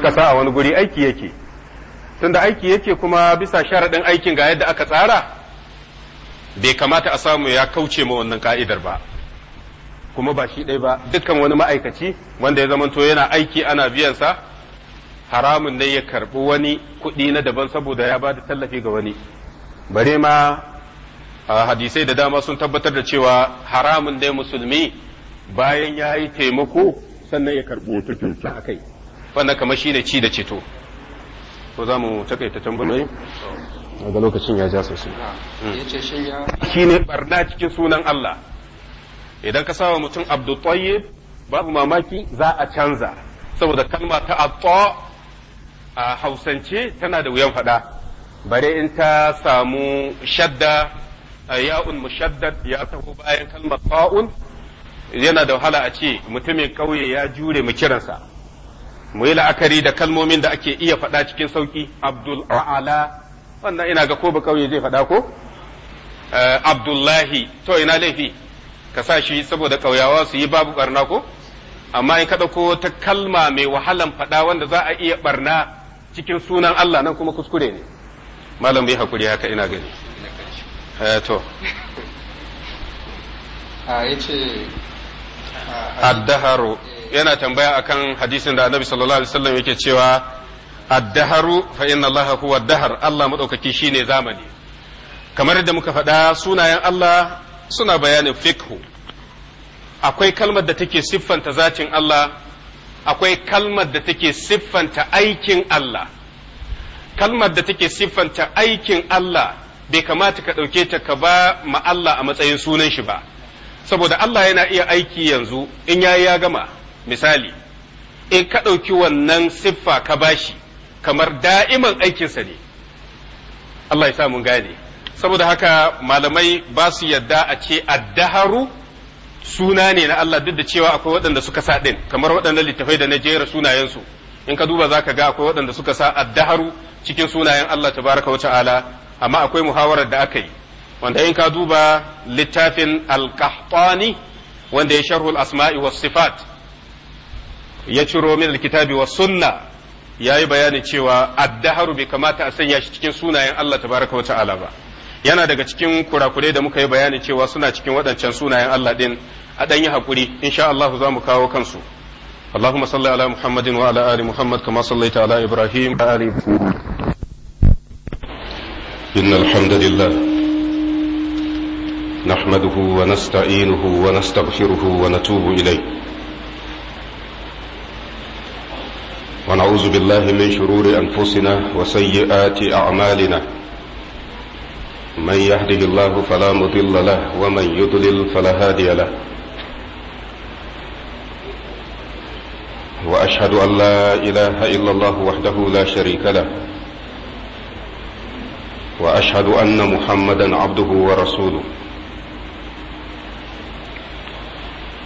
ta ƙasa a wani guri aiki yake tunda aiki yake kuma bisa sharaɗin aikin ga yadda aka tsara bai kamata a samu ya kauce ma wannan ka'idar ba kuma ba shi ɗaya ba dukkan wani ma'aikaci wanda ya zamanto yana aiki ana biyansa haramun ne ya karɓi wani kuɗi na daban saboda ya ba da tallafi ga wani bare ma hadisai da dama sun tabbatar da cewa haramun ne musulmi bayan ya yi taimako sannan ya karɓi wata kyauta a kai wannan kamar ne ci da ceto ko za mu takaita tambayoyi daga lokacin ya ja sosai Shi ne barna cikin sunan Allah idan ka sawa mutum Abdu Tayyib babu mamaki za a canza saboda kalma ta abto a Hausance tana da wuyan faɗa. bare in ta samu shadda ya'un mushaddad ya taho bayan kalmar ta'un yana da wahala a ce mutumin kauye ya jure mu kiransa mu yi la'akari da kalmomin da ake iya faɗa cikin sauƙi abdul ala wannan ina ga ko ba kauye zai faɗa ko eh, abdullahi to ina laifi ka sa shi saboda ƙauyawa su yi babu ɓarna ko amma in ka ko ta kalma mai wahalan faɗa wanda za a iya ɓarna cikin sunan Allah nan kuma kuskure ne malam bai hakuri haka ina gani eh, to a ah, yace ah, addaharu yana tambaya akan hadisin da annabi sallallahu alaihi wasallam yake cewa ad daharu fa inna allaha huwa ad dahar Allah madaukaki shine zamani kamar yadda muka faɗa sunayen Allah suna bayanin fikhu akwai kalmar da take siffanta zatin Allah akwai kalmar da take siffanta aikin Allah kalmar da take siffanta aikin Allah bai kamata ka ɗauke ta ka ba ma Allah a matsayin sunan shi ba saboda Allah yana iya aiki yanzu in yayi ya gama misali in ka ɗauki wannan siffa ka bashi kamar da'iman aikinsa ne Allah ya sa mun gane saboda haka malamai ba su yadda a ce addaharu suna ne na Allah duk da cewa akwai waɗanda suka sa ɗin kamar waɗannan littafai da na jera sunayensu in ka duba za ka ga akwai waɗanda suka sa addaharu cikin sunayen Allah tabaraka wa ta'ala amma akwai muhawarar da aka yi wanda in ka duba littafin alkahtani wanda ya sharhul asma'i was sifat ya ciro min alkitabi wa sunna yayi bayanin cewa addaharu bai kamata a sanya shi cikin sunayen Allah tabaraka wa ta'ala ba yana daga cikin kurakurai da muka yi bayanin cewa suna cikin waɗancan sunayen Allah din a dan yi hakuri insha Allah za mu kawo kansu اللهم صل على محمد وعلى آل محمد كما صليت على إبراهيم وعلى إن الحمد لله نحمده ونستعينه ونستغفره ونتوب إليه ونعوذ بالله من شرور أنفسنا وسيئات أعمالنا من يهده الله فلا مضل له ومن يضلل فلا هادي له وأشهد أن لا إله إلا الله وحده لا شريك له وأشهد أن محمدا عبده ورسوله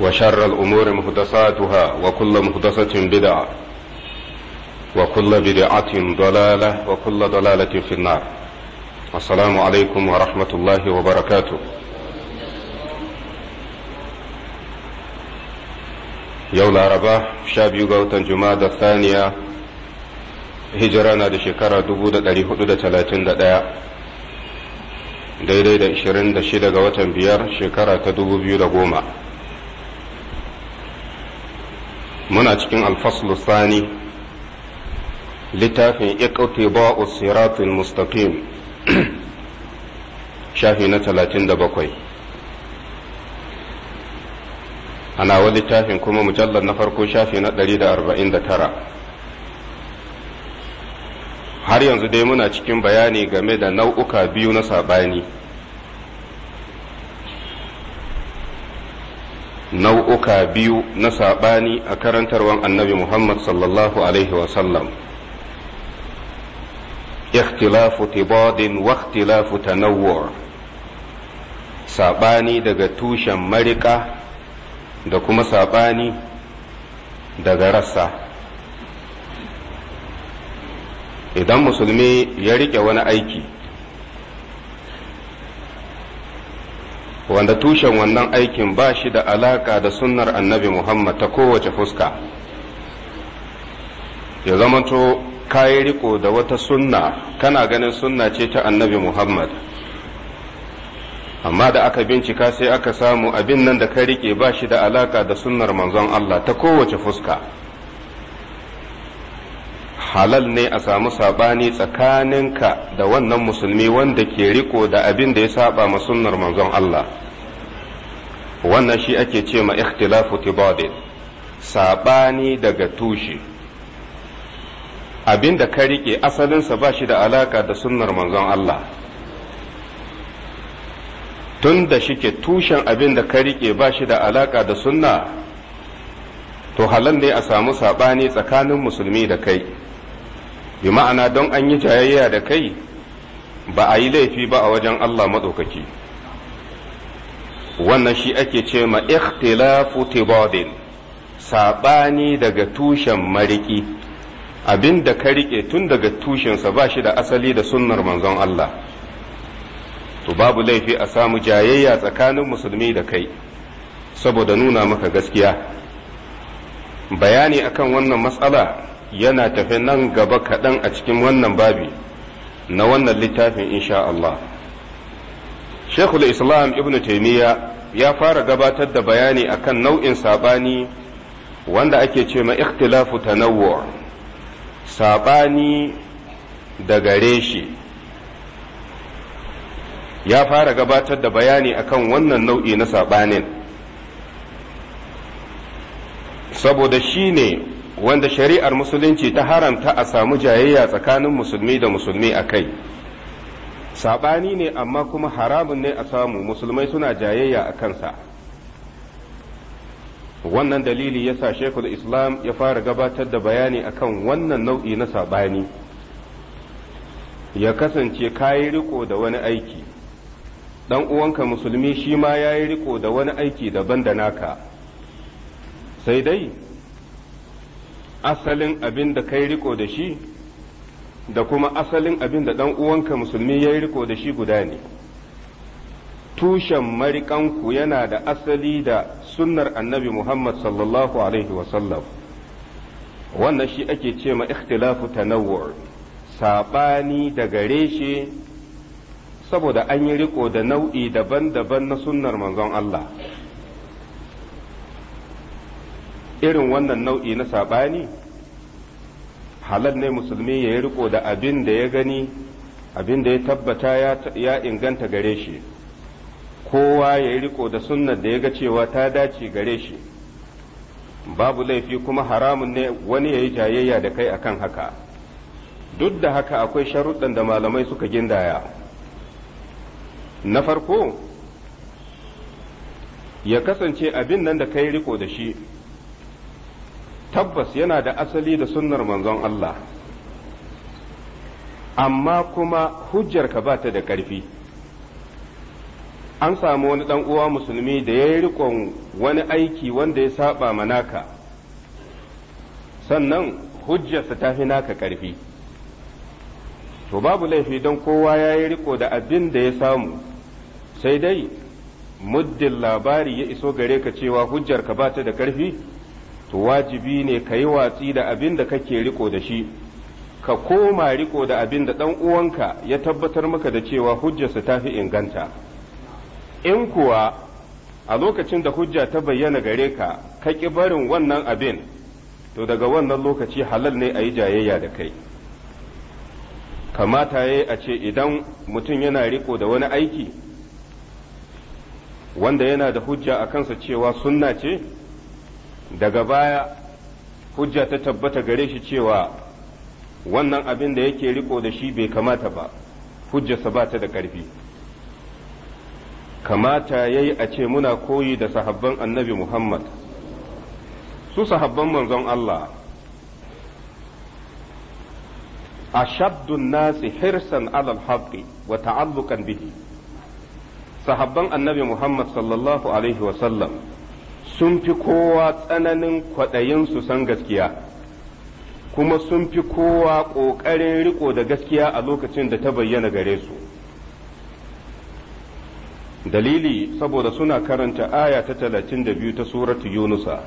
وشر الأمور محدثاتها وكل محدثة بدعة وكل بدعة ضلالة وكل ضلالة في النار السلام عليكم ورحمة الله وبركاته يوم العربة شاب يقوتا جمادة الثانية هجرانا دي شكرا دبودة دي حدودة ثلاثين دا daidai da 26 ga watan biyar shekara ta 2010 muna cikin alfaslu sani littafin iqtiba'u siratul mustaqim shafi na talatin da bakwai ana wa littafin kuma mujallar na farko shafi na ɗari da arba'in da tara har yanzu dai muna cikin bayani game da nau'uka biyu na saɓani nau'uka biyu na saɓani a karantar karantarwan annabi Muhammad sallallahu Alaihi wasallam. Ikhtilafu tibadin wa ikhtilafu tanawwur saɓani daga tushen marika da kuma saɓani daga rassa. Idan musulmi ya riƙe wani aiki, wanda tushen wannan aikin ba shi da alaka da sunnar annabi Muhammad ta kowace fuska ya zamanto kayi riko da wata sunna kana ganin sunna ce ta annabi Muhammad amma da aka bincika sai aka samu abin nan da ka rike ba shi da alaka da sunnar manzon Allah ta kowace fuska halal ne a samu sabani tsakaninka da wannan musulmi wanda ke riko da abin da ya saba ma sunnar manzon Allah wannan shi ake ce ma ikhtilafu tibadin sabani daga tushe abin da ka rike asalinsa ba shi da alaka da sunnar manzon Allah tun da shi ke tushen abin da ka riƙe ba shi da alaka da sunna to halal ne a samu saɓani tsakanin musulmi da kai bi ma'ana don an yi jayayya da kai ba a yi laifi ba a wajen Allah maɗaukaki wannan shi ake ce ma ikhtilafu tibadin saɓani daga tushen mariki abin da ka riƙe tun daga tushensa ba shi da asali da sunnar manzon Allah to babu laifi a samu jayayya tsakanin musulmi da kai saboda nuna maka gaskiya bayani akan wannan matsala yana tafe nan gaba kaɗan a cikin wannan babi na wannan littafin insha Allah. Shekul Islam Ibn Taimiyya ya fara gabatar da bayani akan nau'in saɓani wanda ake ce ma ikhtilafu tanawwu saɓani da gare shi. Ya fara gabatar da bayani akan wannan nau'i na saɓanin. Saboda shi ne wanda shari'ar musulunci ta haramta a samu jayayya tsakanin musulmi da musulmi a kai saɓani ne amma kuma haramun ne a samu musulmai suna jayayya a kansa wannan dalili ya sa shekul islam ya fara gabatar da bayani akan wannan nau'i na saɓani ya kasance kayi riko da wani aiki dan uwanka musulmi shi ma ya yi riko da wani aiki daban da naka sai dai asalin abin da kai riko da shi da kuma asalin abin da ɗan uwanka musulmi ya yi riko da shi guda ne tushen mariƙanku yana da asali da sunnar annabi muhammad sallallahu alaihi wasallam wannan shi ake ce ma ikhtilafu tanawwur saɓani da reshe saboda an yi riko da nau'i daban-daban na sunnar manzon Allah irin wannan nau'i na saɓani halal ne musulmi ya yi riko da abin da ya gani abin da ya tabbata ya inganta gare shi kowa ya yi riko da sunnar da ya ga cewa ta dace gare shi babu laifi kuma haramun ne wani ya yi jayayya da kai akan haka duk da haka akwai sharuɗan da malamai suka gindaya na farko ya kasance abin nan da ka yi riko da shi tabbas yana da asali da sunnar manzon Allah amma kuma hujjarka ba ta da ƙarfi an samu wani ɗan uwa musulmi da ya yi riƙon wani aiki wanda ya saba naka, sannan hujjarsa ta fi naka ƙarfi to babu laifi don kowa ya yi riƙo da abin da ya samu sai dai muddin labari ya iso gare ka cewa hujjarka ba ta da ƙarfi to wajibi ne ka yi watsi da abin da kake riko da shi ka koma riko da abin da ɗan uwanka ya tabbatar maka da cewa hujjarsa ta fi inganta in kuwa a lokacin da hujja ta bayyana gare ka ka ƙi barin wannan abin to daga wannan lokaci halal ne a yi jayayya da kai kamata ya a ce idan mutum yana riko da wani aiki wanda yana da hujja a kansa cewa sunna ce daga baya hujja ta tabbata gare shi cewa wannan abin da yake riko da shi bai kamata ba hujjarsa ba ta da ƙarfi kamata ya yi a ce muna koyi da sahabban annabi muhammad su sahabban manzon allah ashabdun nasi hirsan alal haqqi wa ta'alluqan bihi sahabban annabi muhammad sallallahu alaihi wasallam sun fi kowa tsananin kwaɗayin su san gaskiya kuma sun fi kowa ƙoƙarin riko da gaskiya a lokacin da ta bayyana gare su dalili saboda suna karanta aya ta talatin da biyu ta suratu yunusa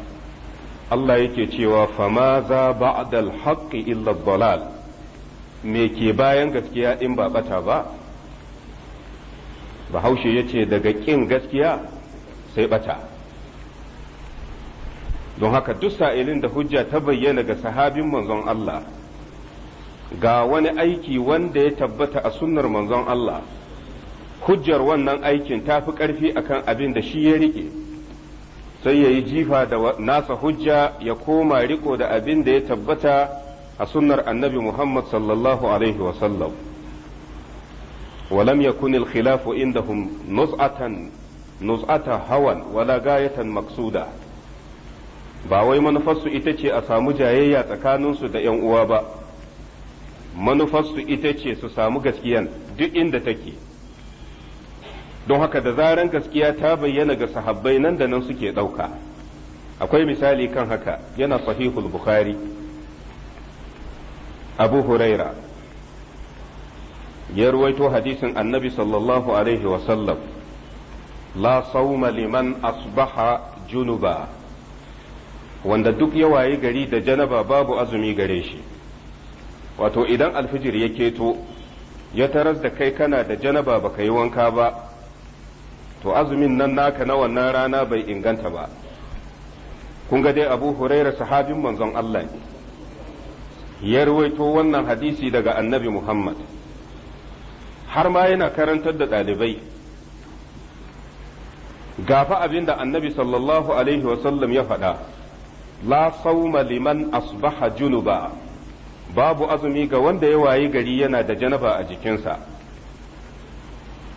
Allah yake cewa fama za ba'dal haqqi illa dalal me ke bayan gaskiya in ba bata ba bahaushe ya ce daga ƙin gaskiya sai ɓata. don haka duk sa'ilin da hujja ta bayyana ga sahabin manzon Allah ga wani aiki wanda ya tabbata a sunnar manzon Allah hujjar wannan aikin ta fi ƙarfi akan abin da shi ya rike sai ya yi jifa da nasa hujja ya koma riko da abin da ya tabbata a sunnar annabi Muhammad sallallahu alaihi wasallam ولم يكن الخلاف عندهم نزعة نزعة هوى ولا غاية مقصودة ba wai manufarsu ita ce a samu jayayya tsakaninsu da ‘yan uwa ba manufarsu ita ce su samu gaskiyan duk inda take don haka da zaren gaskiya ta bayyana ga sahabbai nan da nan suke ɗauka akwai misali kan haka yana sahihul bukhari abu huraira ya ruwaito hadisin annabi sallallahu alaihi wasallam la sauma liman asbaha junuba wanda duk ya waye gari da janaba babu azumi gare shi wato idan alfijir ya keto ya taras da kai kana da janaba ba ka yi wanka ba to azumin nan naka na wannan rana bai inganta ba kun ga dai abu huraira sahabin manzon Allah ne ya ruwaito wannan hadisi daga annabi Muhammad har ma yana karantar da ɗalibai gafa abin da annabi sallallahu alaihi wasallam ya faɗa la sauma liman asbaha junuba babu azumi ga wanda ya wayi gari yana da janaba a jikinsa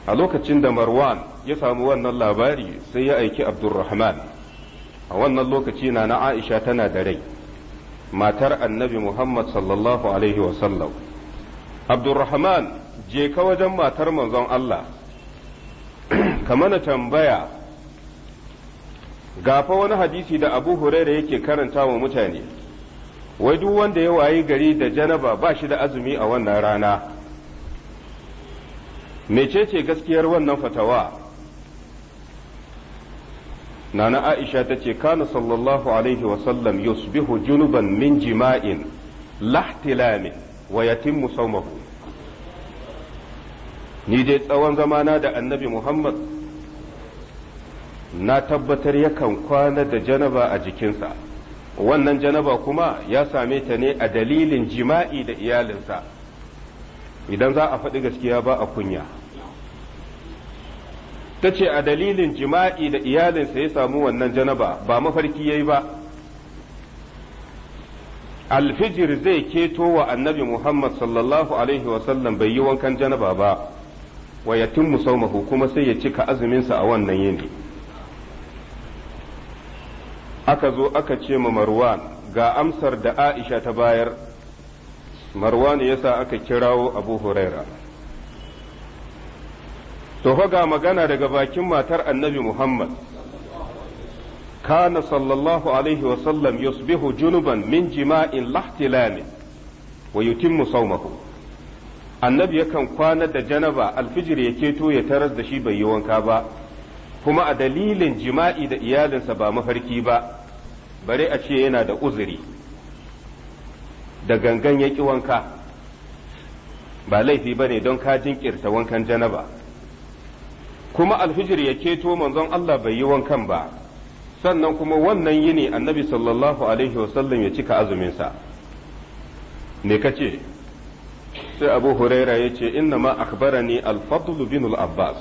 a lokacin da marwan ya samu wannan labari sai ya aiki Abdulrahman. a wannan lokaci na na aisha tana da rai matar annabi muhammad sallallahu alaihi wasallam abdurrahman je ka wajen matar manzon allah ka mana tambaya gafa wani hadisi da abu huraira yake karanta wa mutane wai duk wanda ya wayi gari da janaba ba shi da azumi a wannan rana mecece gaskiyar wannan fatawa nana aisha ta ce kana sallallahu alaihi wasallam yusbihu junuban min jima'in lahtilami wa yatimmu saumahu ni dai tsawon zamana da annabi muhammad na tabbatar yakan kwana da janaba a jikinsa wannan janaba kuma ya same ta ne a dalilin jima'i da iyalinsa idan za a faɗi gaskiya ba a kunya ta ce a dalilin jima'i da iyalinsa ya samu wannan janaba ba mafarki ya yi ba alfijir zai keto wa annabi muhammad sallallahu alaihi wasallam bai yi wankan janaba ba wa yatimmu saumahu kuma sai ya cika azuminsa a wannan yini aka zo aka ce ma marwan ga amsar da aisha ta bayar marwan yasa aka kirawo abu huraira to ga magana daga bakin matar annabi muhammad kana sallallahu alaihi wasallam yusbihu junuban min jima'in lahtilami wa yutimmu saumahu annabi yakan kwana da janaba alfijir ya keto ya taras da shi bai yi wanka ba kuma a dalilin jima'i da iyalinsa ba mafarki ba bare a ce yana da uzuri da gangan ya ƙi wanka ba laifi ba ne don kajin jinkirta wankan janaba kuma alfijir ya keto manzon Allah bai yi wankan ba sannan kuma wannan yini annabi sallallahu alaihi wasallam ya cika azuminsa ne ka ce sai abu huraira ya ce inna ma ne al fadlu bin abbas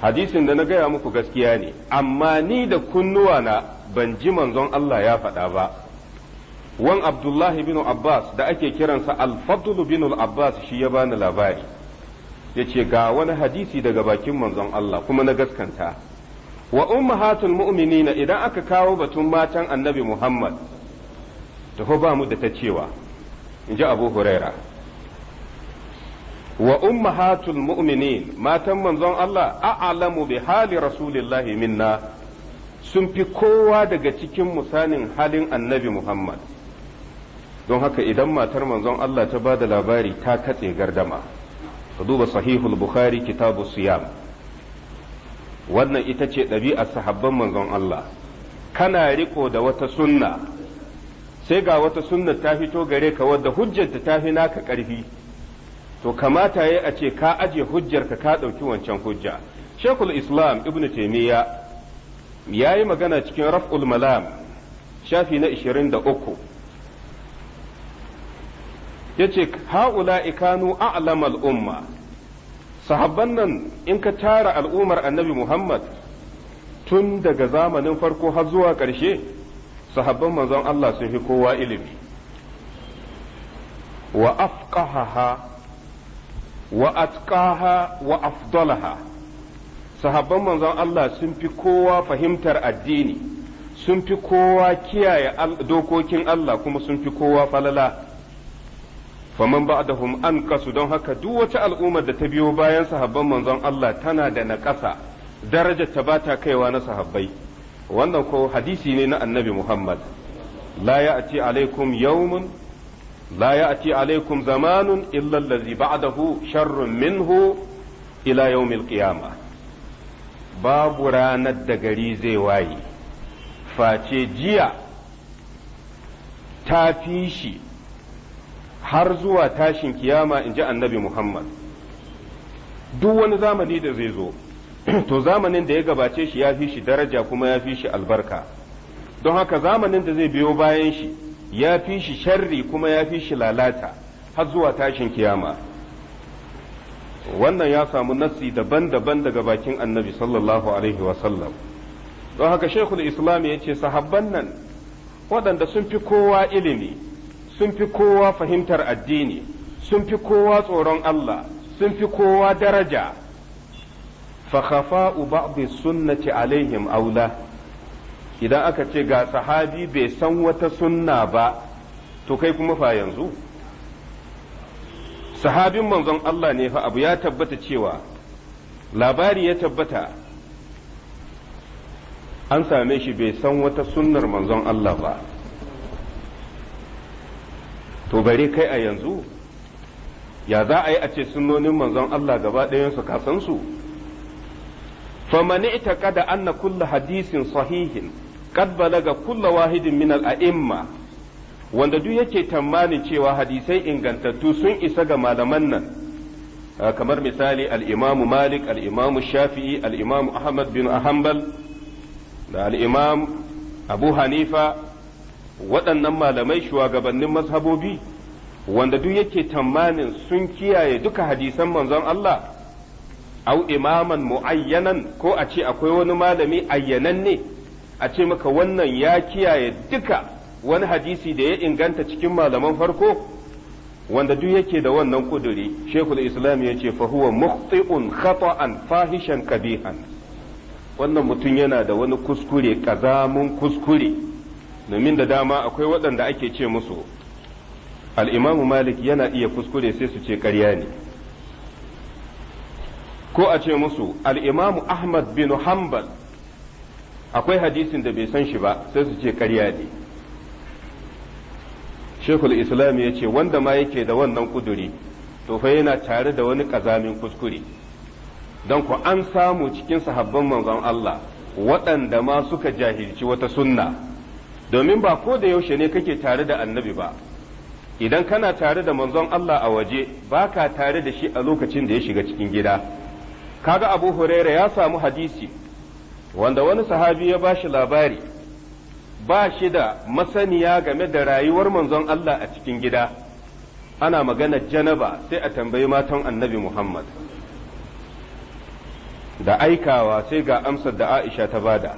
hadisin da na gaya muku gaskiya ne amma ni da kunnuwa na ban ji manzon Allah ya faɗa ba wan abdullahi bin abbas da ake kiransa al-fadl bin abbas shi ya bani labari yace ga wani hadisi daga bakin manzon Allah kuma na gaskanta wa ummahatul mu'minina idan aka kawo batun matan annabi muhammad taho ba mu da ta cewa in ji abu huraira wa ummahatul mu'minin matan manzon Allah a'lamu bi hali rasulillahi minna sun fi kowa daga cikin musanin halin annabi Muhammad don haka idan matar manzon Allah ta bada labari ta katse gardama ka duba sahihul bukhari kitabu siyam wannan ita ce ɗabi'ar sahabban manzon Allah kana riko da wata sunna sai ga wata sunna ta fito gare ka wadda hujjanta ta fi naka ƙarfi to kamata ya a ce ka aje hujjarka ka ɗauki wancan hujja shekul islam ibnu taimiyya ya yi magana cikin raf'ul malam shafi na 23 ya ce ha'ula ikanu a'lam al'umma sahabban nan in ka tara al'ummar annabi muhammad tun daga zamanin farko har zuwa ƙarshe sahabban manzon Allah sun fi kowa ilimi wa afqahaha wa atqaha wa afdalaha sahabban manzon Allah sun fi kowa fahimtar addini sun fi kowa kiyaye dokokin Allah kuma sun fi kowa falala faman ba'dahum an kasu don haka duk wata al'ummar da ta biyo bayan sahabban manzon Allah tana da naƙasa daraja ta bata kaiwa na sahabbai wannan ko hadisi ne na annabi Muhammad la ya'ti alaikum yawmun la ya'ti alaikum zamanun illa allazi ba'dahu sharrun minhu ila yawmil qiyama babu ranar da gari zai waye face jiya ta fi shi har zuwa tashin kiyama in ji annabi Muhammad duk wani zamani da zai zo to zamanin da ya gabace shi ya fi shi daraja kuma ya fi shi albarka don haka zamanin da zai biyo bayan shi ya fi shi sharri kuma ya fi shi lalata har zuwa tashin kiyama wannan ya samu nassi daban-daban daga bakin annabi sallallahu alaihi wasallam don haka shekul islam ya ce sahabban nan waɗanda sun fi kowa ilimi sun fi kowa fahimtar addini sun fi kowa tsoron Allah sun fi kowa daraja fa khafa'u ba'd sunnati alaihim aula idan aka ce ga sahabi bai san wata sunna ba to kai kuma fa yanzu sahabin manzon Allah ne fa abu ya tabbata cewa labari ya tabbata an same shi bai san wata sunnar manzon Allah ba to bare kai a yanzu ya za a yi a ce sunnonin manzon Allah gaba ɗayansu ka san su famani ita kada anna kulla hadisin sahihin qad balaga kullu wahidin a Imma, wanda duk yake tamani cewa hadisai ingantattu sun isa ga malaman nan kamar misali Al'imamu Malik Al'imamu Shafi'i Al'imamu Ahmad bin Hanbal da Al'imam Abu Hanifa waɗannan malamai shugabannin mazhabobi wanda duk yake tamanin sun kiyaye duka hadisan manzon Allah au imaman mu'ayyanan ko a ce akwai wani malami ayyananne a ce maka wannan ya kiyaye duka wani hadisi da ya inganta cikin malaman farko wanda duk yake da wannan kuduri shekul islam ya ce fahuwa huwa khata'an fahishan kabihan wannan mutum yana da wani kuskure kazamun kuskure domin da dama akwai waɗanda ake ce musu al'imamu malik yana iya kuskure sai su ce karya ne ko a ce musu al'imamu ahmad bin hanbal akwai hadisin da bai san shi ba sai su ce ƙarya ne shekul islam ya ce wanda ma yake da wannan kuduri to fa yana tare da wani ƙazamin kuskure don ku an samu cikin sahabban manzon Allah waɗanda ma suka jahilci wata sunna domin ba ko da yaushe ne kake tare da annabi ba idan kana tare da manzon Allah a waje baka tare da shi a lokacin da ya shiga cikin gida kaga abu huraira ya samu hadisi wanda wani sahabi ya bashi labari ba shi da masaniya game da rayuwar manzon Allah a cikin gida ana magana janaba sai a tambayi matan annabi Muhammad da aikawa sai ga amsar da Aisha ta bada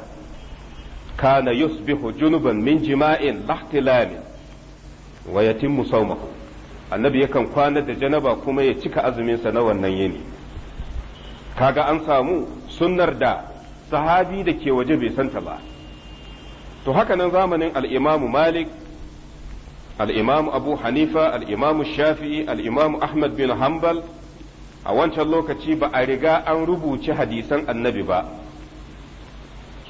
kana yusbihu junuban min jima'in lahtilamin wa yatimmu sawmahu annabi yakan kwana da janaba kuma ya cika azumin sa na wannan yini kaga an samu sunnar da sahabi da ke waje bai santa ba to haka nan zamanin al'imamu malik al'imamu abu hanifa al'imamu shafi'i al'imamu ahmad bin hanbal a wancan lokaci ba a riga an rubuce hadisan annabi ba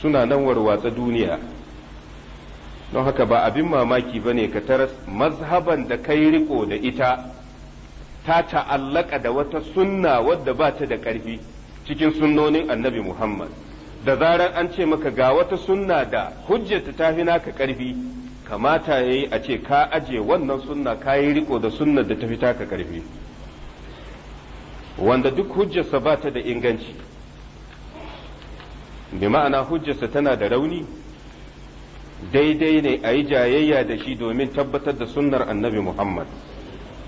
suna nan warwatsa duniya don haka ba abin mamaki ba ne ka taras mazhaban da kai riko da ita ta ta'allaka da wata sunna wadda ba ta da ƙarfi cikin sunnonin annabi muhammad da zarar an ce maka ga wata sunna da hujjata ta fi naka karfi kamata ya yi a ce ka aje wannan sunna ka yi riko da sunnar da ta fi taka karfi wanda duk hujjarsa ba ta da inganci bi ma'ana hujjarsa tana da rauni daidai ne a yi jayayya da shi domin tabbatar da sunnar annabi muhammad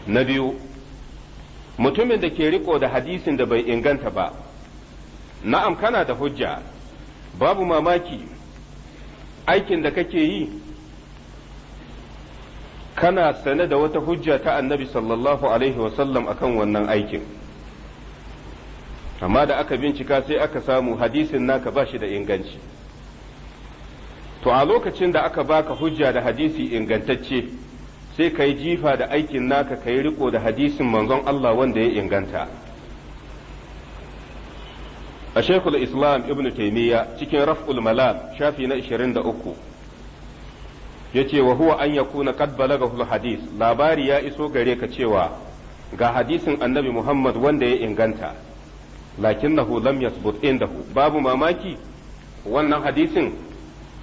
na biyu mutumin da ke riko da hadisin da bai inganta ba na'am kana da hujja babu mamaki aikin da kake yi kana sane da wata hujja ta annabi sallallahu alaihi wasallam akan wannan aikin amma da aka bincika sai aka samu hadisin naka ba shi da inganci to a lokacin da aka baka hujja da hadisi ingantacce sai ka yi jifa da aikin naka ka yi riko da hadisin manzon Allah wanda ya inganta a shekul islam ibn taimiyya cikin raf'ul malam shafi na ya ce wa huwa an yakuna ga balagahul hadis labari ya iso gare ka cewa ga hadisin annabi muhammad wanda ya inganta lakin lakinnahu lam yasbut indahu babu mamaki wannan hadisin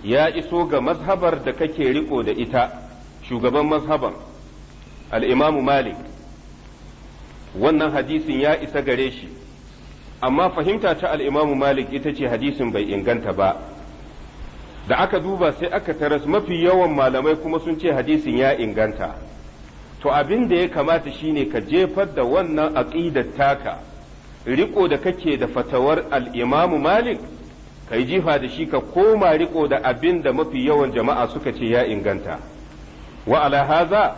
ya iso ga mazhabar da kake riƙo da ita shugaban mazhaban al-imamu malik wannan hadisin ya isa gare shi amma fahimta ta al'imamu malik ita ce hadisin bai inganta ba da aka duba sai aka taras mafi yawan malamai kuma sun ce hadisin ya inganta to abin da ya kamata shine ka jefar da wannan aqidar taka riko da kake da fatawar al'imamu malik ka yi jifa da shi ka koma riko da abin da mafi yawan jama'a suka ce ya inganta wa ala haza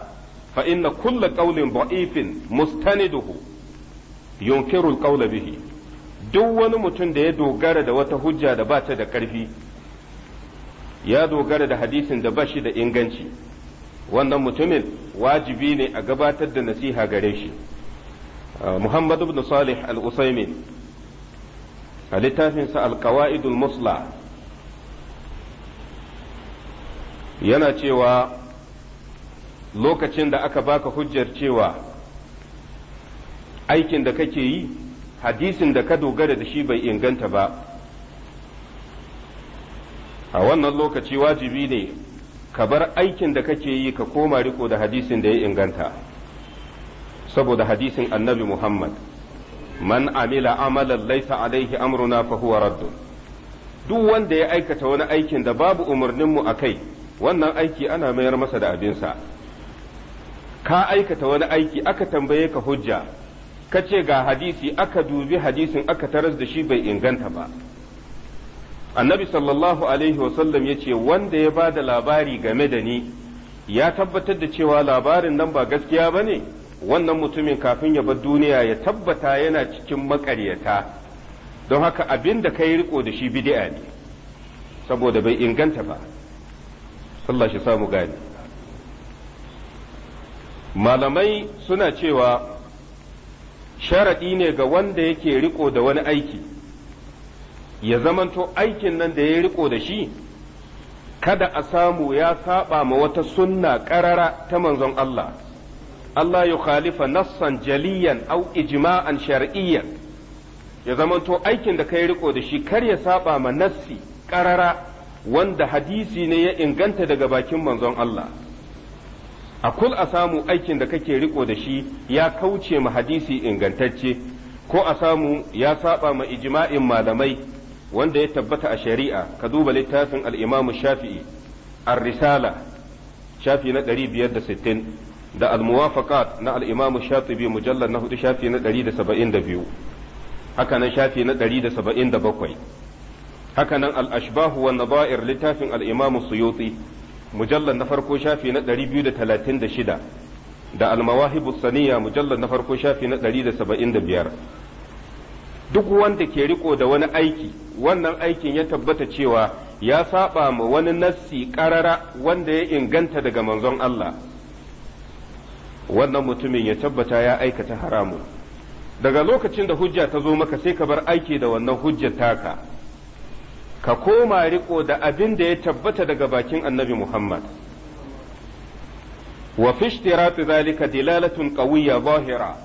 fa inna kulla qawlin ba'ifin mustaniduhu yunkiru al-qawla bihi duk wani mutum da ya dogara da wata hujja da ba ta da ƙarfi ya dogara da hadisin da ba shi da inganci wannan mutumin wajibi ne a gabatar da nasiha gare shi ah, muhammad ibn salih al-usaimin a littafinsa al-qawaidul musla yana cewa lokacin da aka baka hujjar cewa aikin da kake yi hadisin da ka dogara da shi bai inganta ba a wannan lokaci wajibi ne ka bar aikin da kake yi ka koma riko da hadisin da ya inganta saboda hadisin annabi muhammad man amila amalan laisa alaihi amruna fa huwa raddu duk wanda ya aikata wani aikin da babu umarninmu a kai wannan aiki ana mayar masa da abinsa ka aikata wani aiki aka tambaye ka hujja ka ce ga hadisi aka dubi hadisin aka taras da shi bai inganta ba annabi sallallahu alaihi wasallam ya ce wanda ya ba da labari game da ni ya tabbatar da cewa labarin nan ba gaskiya ba ne wannan mutumin kafin ya bar duniya ya tabbata yana cikin makaryata don haka abin da ka riko da shi bid'a ne saboda bai inganta ba Allah shi samu gani malamai suna cewa sharaɗi ne ga wanda yake riko da wani aiki ya zamanto aikin nan da ya riko da shi kada a samu ya saba ma wata sunna ƙarara ta manzon Allah Allah ya khalifa nassan jaliyan au ijma'an shar'iyyan ya zamanto aikin da kai riko da shi kar ya saba ma nassi ƙarara wanda hadisi ne ya inganta daga bakin manzon Allah a kul a samu aikin da kake riko da shi ya kauce ma hadisi ingantacce ko a samu ya saba ma ijma'in malamai wanda ya tabbata a shari'a ka duba littafin al-Imam Shafi'i ar-Risala shafi na 560 da al-Muwafaqat na al-Imam Shatibi mujallal na hudu shafi na 172 haka nan shafi na 177 haka nan al-Ashbah wa Nadha'ir littafin al-Imam Suyuti mujallar na farko shafi na 236 da almawahibu saniya mujallar na farko shafi na 175 duk wanda ke riko da wani aiki wannan aikin ya tabbata cewa ya saba ma wani nassi karara wanda ya inganta daga manzon Allah wannan mutumin ya tabbata ya aikata haramu daga lokacin da hujja ta zo maka sai ka bar aiki da wannan hujjar taka ka koma riko da abin da ya tabbata daga bakin annabi Muhammad wa fi zalika dilalatun qawiyya zahira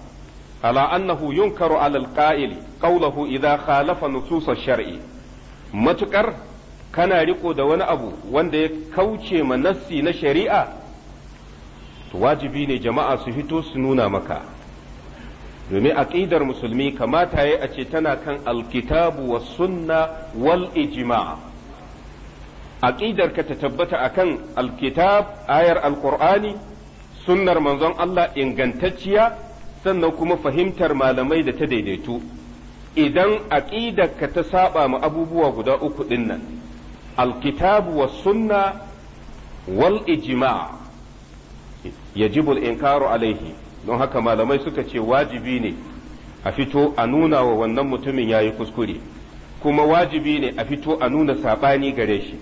ala annahu yunkaru ala alqa'il qawluhu idha khalafa nusus ash-shar'i matukar kana riko da wani abu wanda ya kauce ma nassi na shari'a to wajibi ne jama'a su fito su nuna maka domin aƙidar musulmi kamata yayi a ce tana kan alkitabu wa sunna wal ijma' aqidar ka ta tabbata akan alkitab ayar alqur'ani sunnar manzon Allah ingantacciya sannan kuma fahimtar malamai da ta daidaitu idan aqidar ka ta saba ma abubuwa guda uku dinnan alkitabu was sunna wal ijma' yajibu al-inkaru alaihi don haka malamai suka ce wajibi ne a fito a nuna wa wannan mutumin ya yi kuskure kuma wajibi ne a fito a nuna saɓani gare shi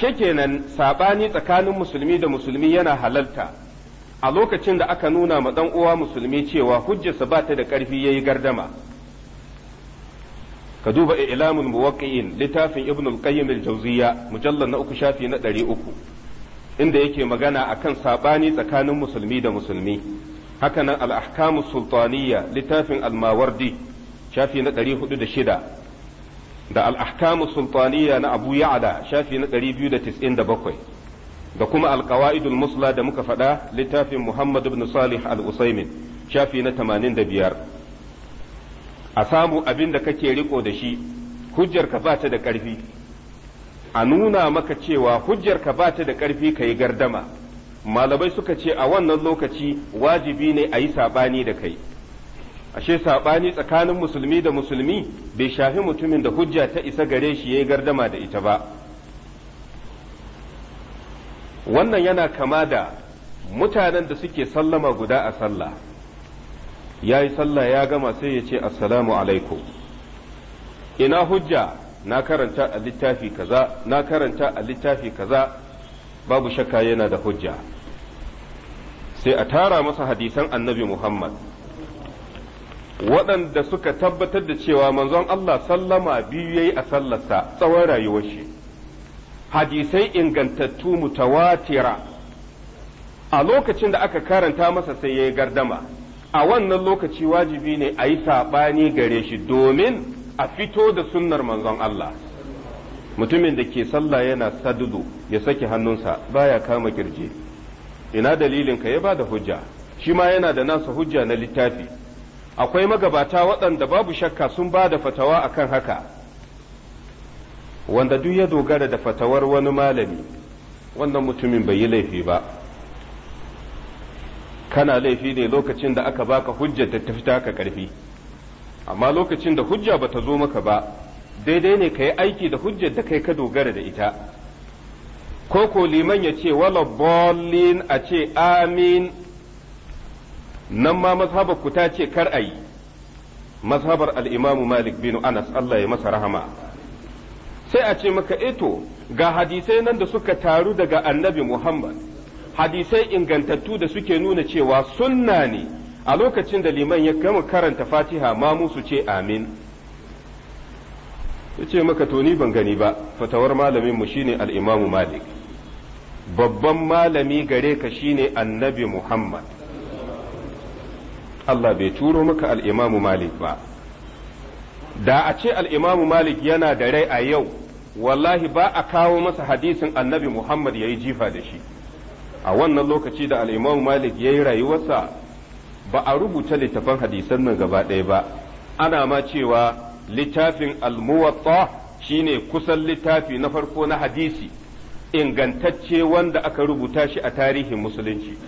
sheke nan, saɓani tsakanin musulmi da musulmi yana halalta a lokacin da aka nuna ma ɗan uwa musulmi cewa hujjarsa ba ta da ƙarfi ya yi gardama ka duba ilamin muwaƙi'in littafin ibn al-qayyim al mujallar na uku shafi na ɗari uku inda yake magana akan saɓani tsakanin musulmi da musulmi haka nan al sultaniya littafin al-mawardi shafi na 406 da al-ahkamu sultaniya na Abu Ya'la shafi na 297 da kuma al musla da muka faɗa littafin Muhammad ibn Salih al-Usaimin shafi na 85 a samu abin da kake riko da shi hujjarka ba ta da ƙarfi a nuna maka cewa hujjarka ba ta da ƙarfi ka yi gardama malamai suka ce a wannan lokaci wajibi ne a yi saɓani da kai ashe saɓani tsakanin musulmi da musulmi bai shafi mutumin da hujja ta isa gare shi ya yi gardama da ita ba wannan yana kama da mutanen da suke sallama guda a sallah ya yi sallah ya gama sai ya ce assalamu alaikum ina hujja na karanta a littafi kaza na karanta a littafi kaza babu shakka yana da hujja sai a tara masa hadisan annabi Muhammad waɗanda suka tabbatar da cewa manzon Allah sallama biyu yayi a sallarsa tsawon rayuwar shi hadisai ingantattu mutawatira a lokacin da aka karanta masa sai yayi gardama a wannan lokaci wajibi ne a yi saɓani gare shi domin a fito da sunnar manzon Allah mutumin da ke sallah yana sadudu ya saki hannunsa baya kama kirji ina dalilin ka ya ba da hujja shi ma yana da nasa hujja na littafi akwai magabata waɗanda babu shakka sun ba da fatawa akan haka wanda duk ya dogara da fatawar wani malami wannan mutumin bai yi laifi ba kana laifi ne lokacin da aka baka hujja ta tafi taka karfi amma lokacin da hujja bata zo maka ba daidai ne ka yi aiki da hujjar da kai ka dogara da ita ko ko liman ya ce wala bolin a ce amin nan ma mazhabar ku ta ce kar a yi mazhabar al'imamu malik bin anas Allah ya masa rahama sai a ce maka eto eh ga hadisai nan da suka taru daga annabi muhammad hadisai ingantattu da suke nuna cewa sunna ne a lokacin da liman ya gama karanta fatiha ma musu ce amin ya ce maka to ni ban gani ba fatawar malamin mu shine al-imamu malik babban malami gare ka shine annabi muhammad Allah bai turo maka al malik ba da a ce al malik yana da rai a yau wallahi ba a kawo masa hadisin annabi muhammad ya yi jifa da shi a wannan lokaci da al'imamu malik ya yi rayuwarsa ba a rubuta littafan hadisan nan gaba ɗaya ba ana ma cewa littafin almuwatta shine kusan littafi na farko na hadisi ingantacce wanda aka rubuta shi a tarihin musulunci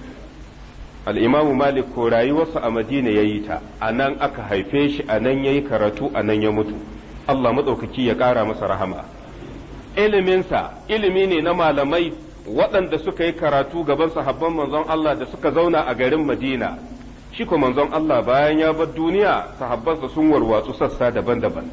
al'imamu malik ko rayuwarsa a madina ya yi ta a nan aka haife shi a nan ya yi karatu a nan ya mutu allah maɗaukaki ya ƙara masa rahama iliminsa ilimi ne na malamai waɗanda suka yi karatu gaban sahabban manzon allah da suka zauna a garin madina shi ko manzon Allah bayan ya bar duniya sahabbansa sun warwatsu sassa daban-daban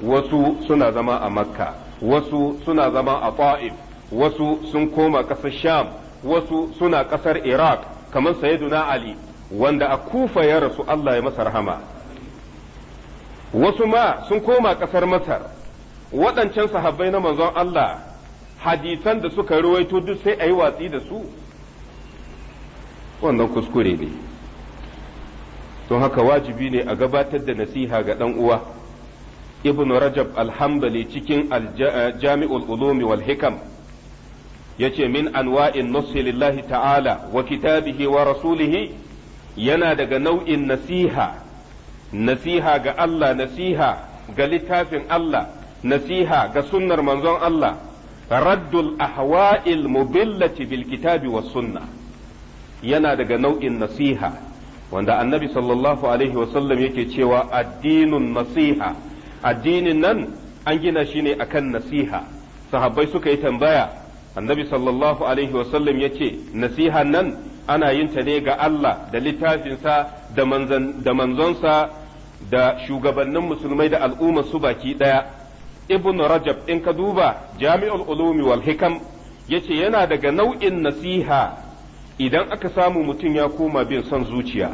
wasu suna zama a makka wasu suna zama a ta'if wasu sun koma ƙasar sham wasu suna ƙasar iraq kamar sayyiduna ali wanda a kufa ya rasu Allah ya masa rahama wasu ma sun koma ƙasar masar waɗancan sahabbai na manzon Allah hadisan da suka ruwaito duk sai a yi watsi da su wannan kuskure ne don haka wajibi ne a gabatar da nasiha ga ɗan uwa ibn rajab alhambali cikin eh, jami'ul ulumi wal hikam yace min anwa'in nussi lillahi ta'ala wa kitabihi wa rasulihi yana daga nau'in nasiha nasiha ga Allah nasiha ga littafin Allah nasiha ga sunnar manzon Allah raddul ahwa'il mubillati bil kitabi was sunna yana daga nau'in nasiha wanda annabi sallallahu alaihi wasallam yake cewa addinin nasiha addinin nan an gina shi ne akan nasiha sahabbai suka yi tambaya annabi sallallahu alaihi wasallam ya ce nasihan nan ana yin ta ne ga Allah da littafinsa da manzonsa da shugabannin musulmai da al'ummar su baki ɗaya ibn rajab in ka duba jami'ul ulumi wal hikam yace yana daga nau'in nasiha idan aka samu mutum ya koma bin son zuciya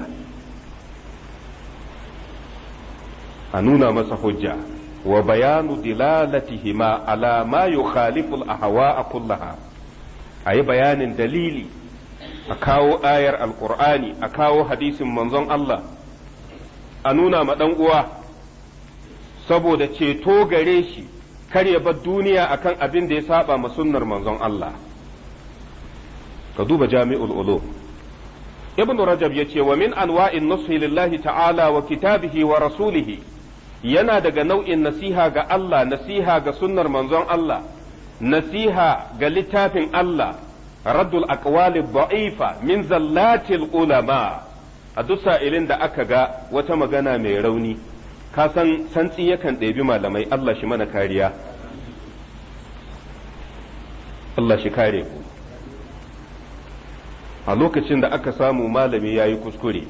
a nuna masa hujja wa bayanu dilalatihima ala ma hawa a kullaha ayi bayanin dalili a kawo ayar alkur'ani a kawo hadisin manzon Allah a nuna ma dan uwa saboda ceto gare shi kar ya bar duniya akan abin da ya saba ma sunnar manzon Allah ka duba jami'ul ulum ibn rajab yace wa min anwa'in nushi lillahi ta'ala wa kitabihi wa rasulihi yana daga nau'in nasiha ga Allah nasiha ga sunnar manzon Allah nasiha ga littafin Allah raddul aqwali da'ifa min zallatil ulama a duk sa'ilin da aka ga wata magana mai rauni ka san santsi yakan ɗebi malamai Allah shi mana kariya Allah shi kare ku a lokacin da aka samu malami ya yi kuskure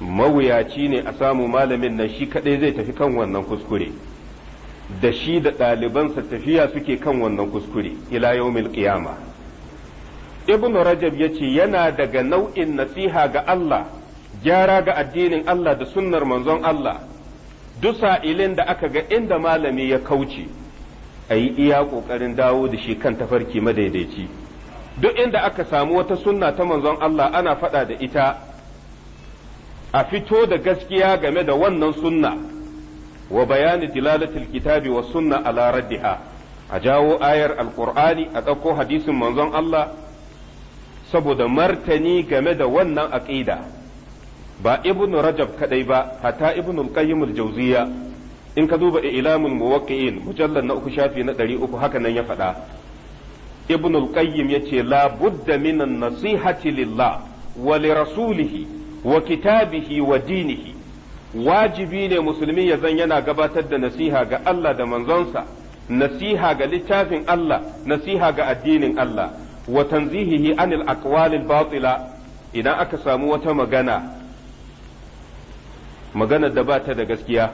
mawuyaci ne a samu malamin nan shi kaɗai zai tafi kan wannan kuskure da shi da ɗalibansa tafiya suke kan wannan kuskure ila yaumil ƙiyama. ibn rajab ya ce yana daga nau'in nasiha ga Allah gyara ga addinin Allah da sunnar manzon Allah dusa ilin da aka ga inda malami ya kauce a yi iya ƙoƙarin dawo da shi kan tafarki madaidaici duk inda aka samu wata sunna ta manzon Allah ana faɗa da ita a fito da gaskiya game da wannan sunna wa bayani dilalatul kitabi wa sunna ala raddiha a jawo ayar alqur'ani a ɗauko hadisin manzon Allah saboda martani game da wannan aqida ba ibnu rajab kadai ba hatta ibnu qayyim al in ka duba ilamul muwaqqi'in mujallar na uku shafi na 300 haka nan ya faɗa ibn al-qayyim yace la budda min an-nasihati lillah wa rasulihi wa kitabihi wa dinihi wajibi ne musulmi ya zan yana gabatar da nasiha ga Allah da manzonsa nasiha ga littafin Allah nasiha ga addinin Allah wa tanzihihi anil aqwalil batila idan aka samu wata magana magana da bata da gaskiya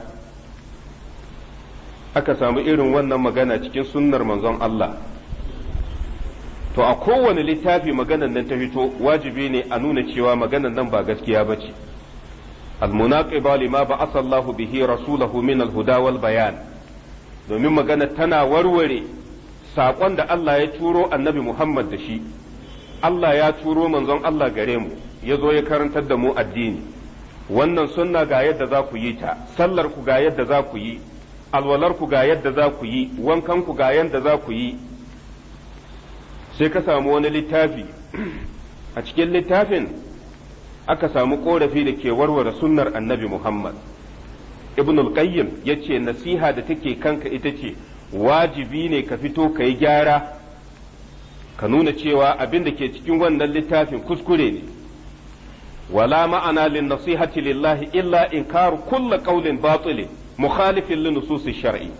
aka samu irin wannan magana cikin sunnar manzon Allah to a kowane littafi maganan nan ta fito wajibi ne a nuna cewa maganan nan ba gaskiya ba ce almunaqiba lima ba'atha Allah bihi rasulahu min alhuda wal bayan domin magana tana warware saƙon da Allah ya turo annabi Muhammad da shi Allah ya turo manzon Allah gare mu ya zo ya karantar da mu addini wannan sunna ga yadda za ku yi ta sallar ku ga yadda za ku yi alwalar ku ga yadda za ku yi wankan ku ga yadda za ku yi sai ka samu wani littafi a cikin littafin aka samu korafi da ke warware sunnar annabi muhammad ibn al-qayyim yace nasiha da take kanka ita ce wajibi ne ka fito ka yi gyara ka nuna cewa abin da ke cikin wannan littafin kuskure ne wala ma'ana lin nasihati lillahi illa inkaru kulla qawlin batsule mukhalifin li nususi shar'i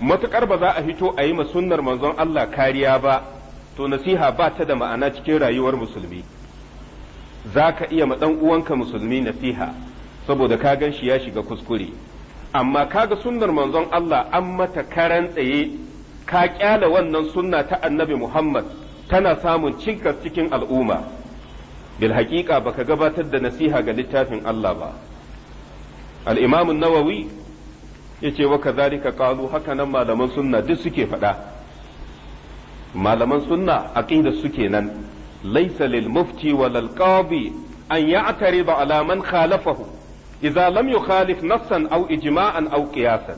matukar ba za a fito a yi ma sunnar manzon Allah kariya ba to nasiha ba ta da ma'ana cikin rayuwar musulmi za ka iya ma uwanka musulmi nasiha saboda ka gan shi ya shiga kuskure amma kaga sunnar manzon Allah an mata karan tsaye ka kyala wannan sunna ta annabi Muhammad tana samun cinkas cikin al'umma bil haƙiƙa baka gabatar da nasiha ga littafin Allah ba al-imam an-nawawi yace wa kadhalika qalu haka nan malaman sunna duk suke faɗa malaman sunna aqida suke nan laysa lil mufti wal qadi an ba ala man khalafahu idza lam yukhalif nassan aw ijma'an aw qiyasan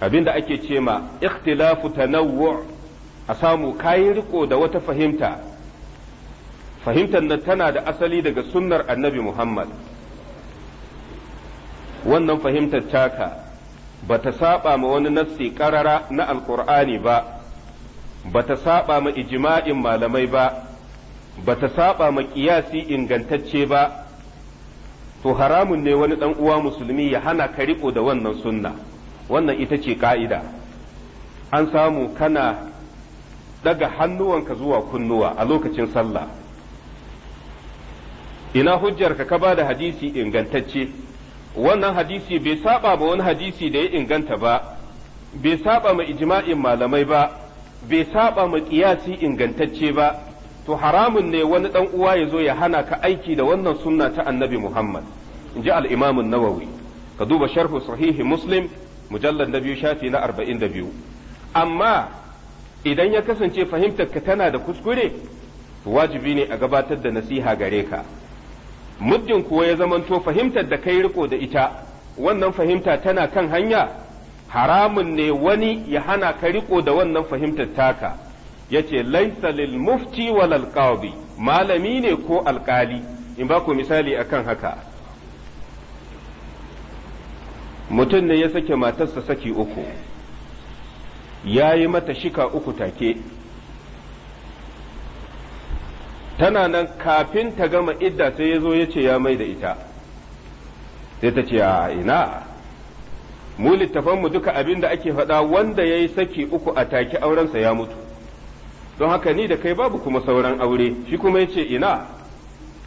abinda ake cema ikhtilafu tanawwu' a samu kayi riko da wata fahimta fahimtar nan tana da asali daga sunnar annabi Muhammad wannan fahimtar taka ba ta saba ma wani nassi karara na alkur'ani ba bata saba ma ijima'in malamai ba bata saba ma kiyasi ingantacce ba to haramun ne wani dan uwa musulmi ya hana ka riko da wannan sunna wannan ita ce ka'ida an samu kana daga hannuwanka zuwa kunnuwa a lokacin sallah ina hujjarka ka ba da hadisi ingantacce wannan hadisi bai saba ba wani hadisi da ya inganta ba bai saba ma ijima'in malamai ba bai saba ma kiyasi ingantacce ba to haramun ne wani dan uwa ya zo ya hana ka aiki da wannan sunna ta annabi Muhammad in ji al-Imam nawawi ka duba sharhu sahihi Muslim mujallar na biyu shafi na arba'in da biyu. amma idan ya kasance fahimtar ka tana da kuskure to wajibi ne a gabatar da nasiha gare ka muddin kuwa ya zamanto fahimtar da kai riko da ita wannan fahimta tana kan hanya haramun ne wani ya hana ka riko da wannan fahimtar taka yace laisa lil mufti wal alqabi malami ne ko alkali in ba ku misali akan haka mutum ne ya sake matarsa saki uku ya yi mata shika uku take tana nan kafin ta gama idda sai ya zo ya ce ya mai da ita sai ta ce a ina mu littafanmu duka abin da ake faɗa wanda ya yi saki uku a take aurensa ya mutu don haka ni da kai babu kuma sauran aure shi kuma ya ce ina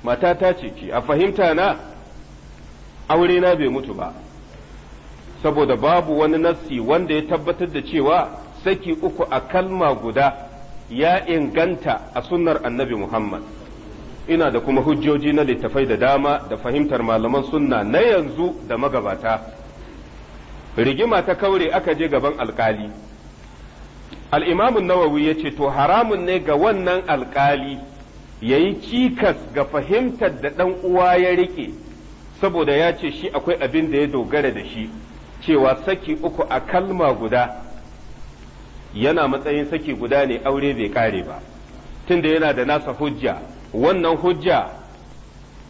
matata ce ki a fahimta na aure na bai mutu ba saboda babu wani nassi wanda ya tabbatar da cewa saki uku a kalma guda ya inganta a sunnar annabi muhammad ina da kuma hujjoji na littafai da dama da fahimtar malaman sunna na yanzu da magabata rigima ta kaure aka je gaban alkali al'imamun nawawi ya ce to haramun ne ga wannan alkali ya yi cikas ga fahimtar da ɗan uwa ya rike saboda ya ce shi akwai abin da ya dogara da shi cewa saki uku a kalma guda yana matsayin saki guda ne aure bai kare ba tunda yana da nasa hujja wannan hujja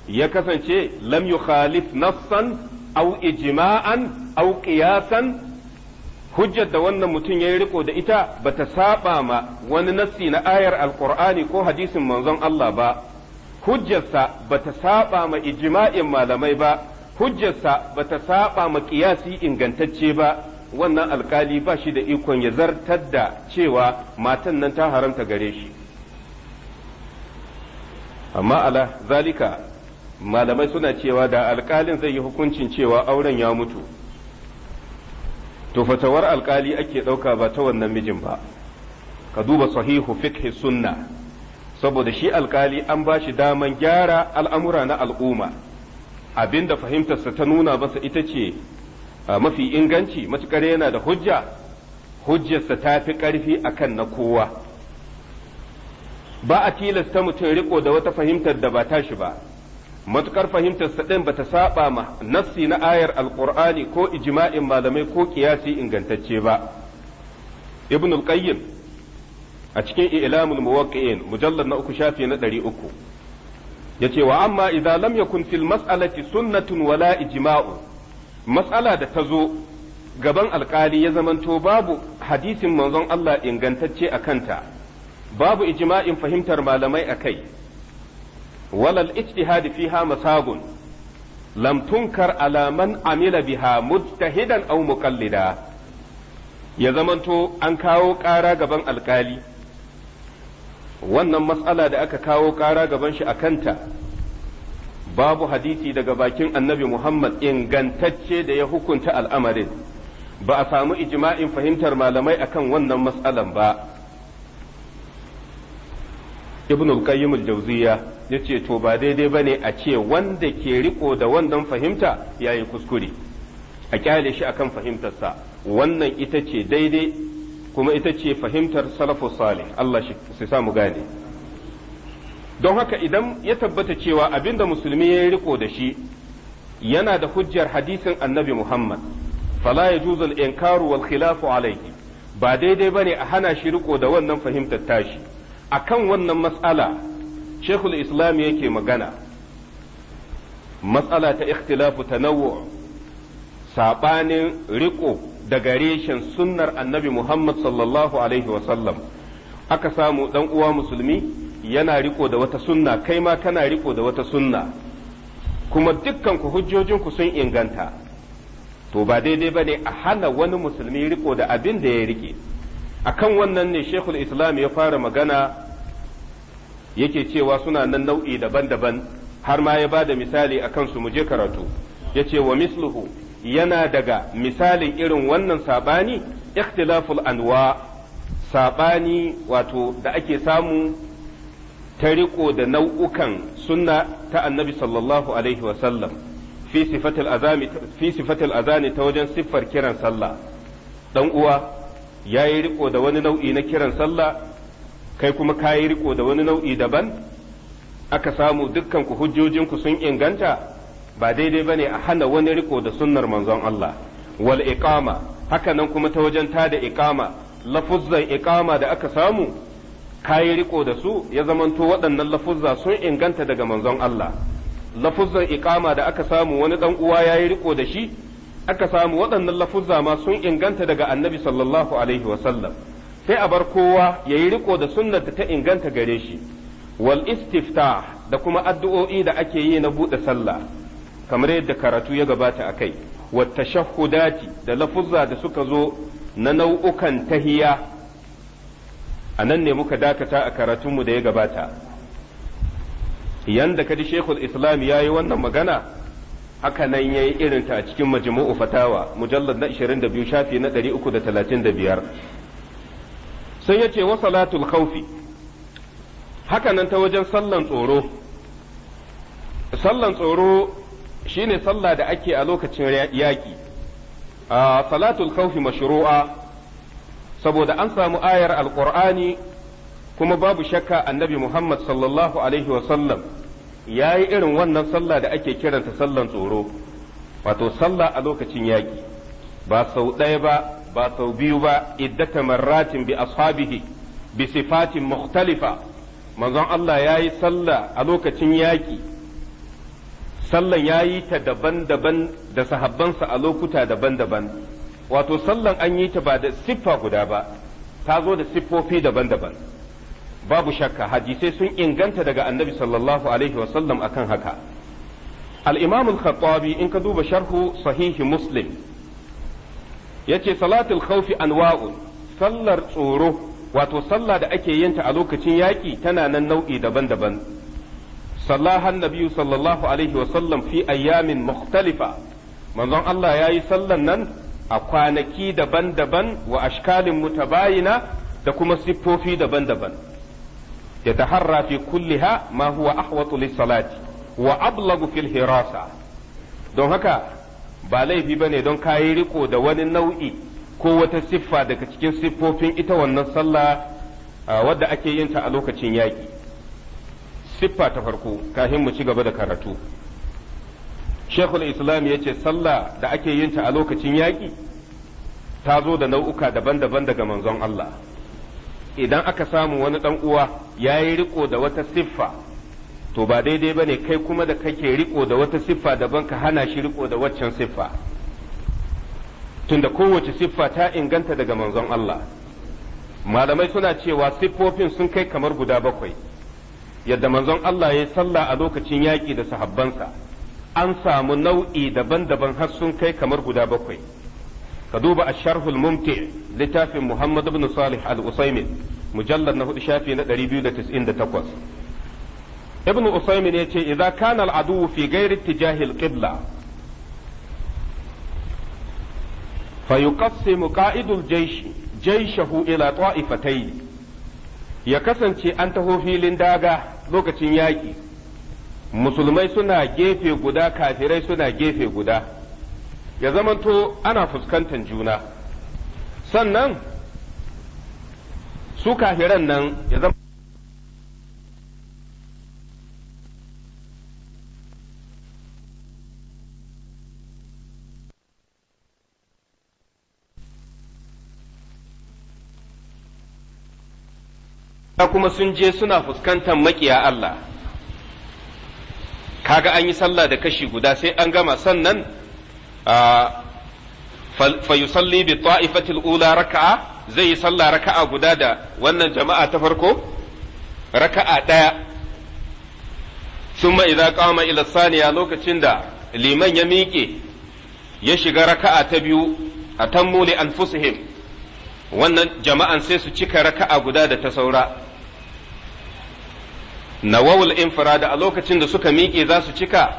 ya kasance lam yukhalif nassan au ijma'an aw qiyasan hujjar da wannan mutum yi riko da ita bata saba ma wani nassi na ayar alqur'ani ko hadisin manzon Allah ba hujjarsa bata saba ma ijma'in malamai ba hujjarsa bata saba ma qiyasi ingantacce ba wannan alkali ba shi da ikon ya zartar da cewa matan nan ta haramta gare shi amma ala zalika malamai suna cewa da alkalin zai yi hukuncin cewa auren ya mutu to fatawar alkali ake ɗauka ba ta wannan mijin ba ka duba sahihu fiqh sunna saboda shi alkali an ba shi daman gyara al'amura na al'umma abinda fahimtarsa ta nuna masa ita ce mafi inganci matuƙar yana da hujja hujjarsa ta fi ƙarfi akan na kowa ba a tilasta mutum riko da wata fahimtar da ba tashi ba matukar fahimtar sa ba bata saba ma nassi na ayar alƙur'ani ko ijma'in malamai ko kiyasi ingantacce ba ibn al-qayyim a cikin i'lamul muwaqqi'in mujallad na uku shafi na 300 yace wa amma idza lam yakun fil mas'alati sunnatun wala ijma'u mas'ala da ta zo gaban alkali ya zamanto babu hadisin manzon Allah ingantacce a kanta babu ijma'in fahimtar malamai akai. walal ijtihadi fiha masagun lam tunkar ala man amila biha mujtahidan aw muqallida ya zamanto an kawo ƙara gaban alkali wannan matsala da aka kawo ƙara gaban shi a kanta babu hadisi daga bakin annabi Muhammad ingantacce da ya hukunta al'amarin ba a samu ijma'in fahimtar malamai akan wannan matsalan ba ibn al-qayyim al ya ce to ba daidai ba ne a ce wanda ke riko da wannan fahimta ya yi kuskure a kyale shi akan fahimtarsa wannan ita ce daidai kuma ita ce fahimtar salafu salih Allah shi samu gane don haka idan ya tabbata cewa abinda musulmi ya yi riko da shi yana da hujjar hadisin annabi Muhammad fala ya al-inkaru wal khilafu alayhi ba daidai bane a hana shi riko da wannan fahimtar tashi akan wannan mas'ala shekul islam yake magana matsala ta ikhtilafu tanawwu saɓanin riko daga reshen sunnar annabi muhammad sallallahu alaihi sallam aka samu ɗan uwa musulmi yana riko da wata sunna kai ma kana riko da wata sunna kuma dukkan ku hujjojinku sun inganta to ba daidai ba ne a hana wani musulmi riko da abin da ya rike akan wannan ne shekul islam ya fara magana yake cewa suna nan nau'i daban-daban har ma ya ba da misali a kansu muje je karatu yace wa misluhu yana daga misalin irin wannan sabani ikhtilaful anwa sabani wato da ake samu ta riko da nau'ukan sunna ta annabi sallallahu alaihi wa sallam fi azami fi sifatil azani ta wajen siffar kiran sallah dan uwa yayi riko da wani nau'i na kiran sallah kai kuma yi riko da wani nau'i daban aka samu dukkan ku hujjojinku sun inganta ba daidai bane a hana wani riko da sunnar manzon Allah wal iqama haka nan kuma ta wajen tada da iqama lafuzzan iqama da aka samu yi riko da su ya zamanto waɗannan lafuzza sun inganta daga manzon Allah lafuzzan iqama da aka samu wani dan uwa ya yi riko da shi aka samu waɗannan lafuzza ma sun inganta daga annabi sallallahu alaihi wasallam sai a bar kowa ya yi riko da sunnar ta inganta gare shi wal istiftah da kuma addu'o'i da ake yi na buɗe sallah kamar yadda karatu ya gabata a kai wa tashahhudati da lafuzza da suka zo na nau'ukan tahiya a nan ne muka dakata a karatunmu da ya gabata yanda kadi shekul islam ya yi wannan magana haka nan ya yi irinta a cikin majmu'u fatawa mujallar na 22 shafi na 335 sai ya ce wa salatul khawfi hakanan ta wajen sallan tsoro sallan tsoro shine sallah da ake a lokacin yaƙi salatul khawfi mashru'a saboda an samu ayar alqur'ani kuma babu shakka annabi Muhammad sallallahu alaihi wasallam ya yi irin wannan sallah da ake kiranta sallan tsoro wato sallah a lokacin yaƙi ba sau ɗaya ba ba sau biyu ba iddata marratin bi ashabihi bi sifatin mukhtalifa manzon Allah ya yi sallah a lokacin yaƙi sallan ya yi ta daban-daban da sahabbansa a lokuta daban-daban wato sallan an yi ta ba da siffa guda ba ta zo da siffofi daban-daban babu shakka hadisai sun inganta daga annabi sallallahu alaihi wasallam akan haka al-imam khattabi in ka duba sharhu sahihi muslim yace salatul khawfi anwa'un sallar tsoro wato sallah da ake yinta a lokacin yaƙi tana nan nau'i daban-daban sallahan nabiyyu sallallahu alaihi wa sallam fi ayyamin mukhtalifa manzon Allah yayi sallar nan a kwanaki daban-daban wa ashkalin mutabayina da kuma siffofi daban-daban ya taharra fi kulliha ma huwa ahwatu lis-salati wa ablagu fil hirasa don haka ba laifi ba ne don kayi riko da wani nau'i ko wata siffa daga cikin siffofin ita wannan sallah ah, wadda ake yin ta a lokacin yaƙi siffa ta farko kafin mu ci gaba da karatu shekul islam ya ce sallah da ake yin ta a lokacin yaƙi ta zo da nau'uka daban-daban daga manzon Allah idan aka samu wani ɗan uwa ya yi riko da wata siffa to ba daidai ba ne kai kuma da kake riko da wata siffa daban ka hana shi riko da waccan siffa tunda kowace siffa ta inganta daga manzon Allah malamai suna cewa siffofin sun kai kamar guda bakwai yadda manzon Allah ya sallah a lokacin yaƙi da sahabbansa an samu nau'i daban-daban har sun kai kamar guda bakwai ka duba a sharhul mumti littafin muhammad ibn salih al-usaimin mujallar na hudu shafi na 298 ibn usaymin ya ce idza kana al'adu fi ghairi tijahil qibla fa yuqassimu qa'idul jaysh jayshahu ila ta'ifatayn ya kasance an taho filin daga lokacin yaƙi musulmai suna gefe guda kafirai suna gefe guda ya zamanto ana fuskantar juna sannan su kafiran nan ya zama kuma sun je suna fuskantar makiya Allah kaga an yi sallah da kashi guda sai an gama sannan fa yusalli bi ta'ifatil raka'a zai yi sallah raka'a guda da wannan jama'a ta farko raka'a daya summa idza qama ila saniya lokacin da liman ya miƙe ya shiga raka'a ta biyu atammu li anfusihim wannan jama'an sai su cika raka'a guda da ta saura nawawul infirada a lokacin da suka miƙe za su cika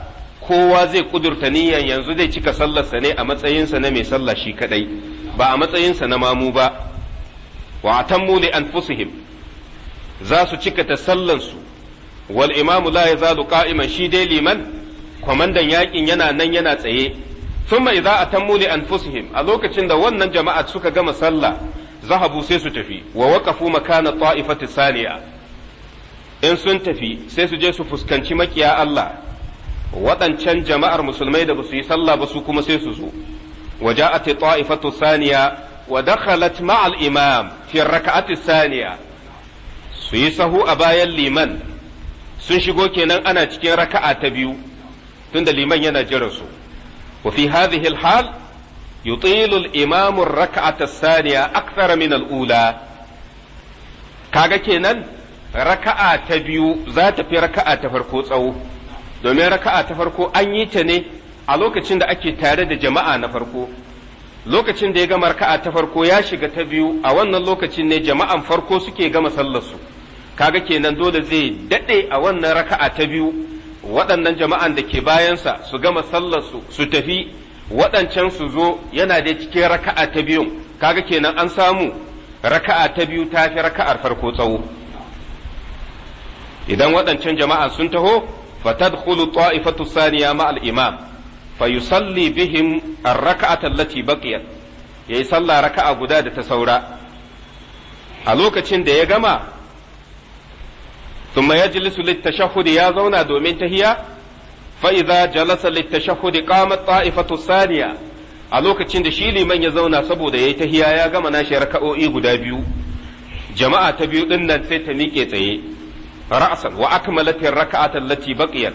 kowa zai kudurta niyan yanzu zai cika sallarsa ne a matsayinsa na mai sallah shi kadai ba a matsayinsa na mamu ba wa atammu li anfusihim za su cika ta sallansu wal imamu la yazalu qa'iman shi dai liman kwamandan yakin yana nan yana tsaye thumma idza atammu li anfusihim a lokacin da wannan jama'a suka gama sallah zahabu sai su tafi wa waqafu makana ta'ifati saniya in sun tafi sai su je su fuskanci makiya Allah waɗancan jama'ar musulmai da ba su yi sallah ba su kuma sai su zo saniya وجاءت الطائفة الثانية ودخلت مع الإمام su yi sahu a bayan liman sun shigo kenan ana cikin raka'a ta biyu tunda liman yana jira su wa fi hadhihi al-hal yutilu al-imam ar-rak'ata ath-thaniya akthar min al-ula kaga kenan raka'a ta biyu za ta fi raka'a ta farko tsawo domin raka'a ta farko an yi ta ne a lokacin da ake tare da jama'a na farko lokacin da ya gama raka'a ta farko ya shiga ta biyu a wannan lokacin ne jama'an farko suke gama sallarsu kaga kenan dole zai dade a wannan raka'a ta biyu waɗannan jama'an da ke bayansa su gama sallarsu su tafi waɗancan su zo yana da cikin raka'a ta biyun kaga kenan an samu raka'a ta biyu ta fi raka'ar farko tsawo idan waɗancan jama'a sun taho fatadkhulu ta'ifatu saniya ma al-imam fayusalli bihim ar-rak'ata allati baqiyat yayi sallah raka'a guda da ta saura a lokacin da ya gama thumma yajlisu lit ya zauna domin tahiya fa idza jalasa lit-tashahhud qamat ta'ifatu saniya a lokacin da shi liman ya zauna saboda yayi tahiya ya gama nashi raka'o'i guda biyu jama'a ta biyu din nan sai ta miƙe tsaye ra'san wa akmalat ar-rak'ata allati baqiyat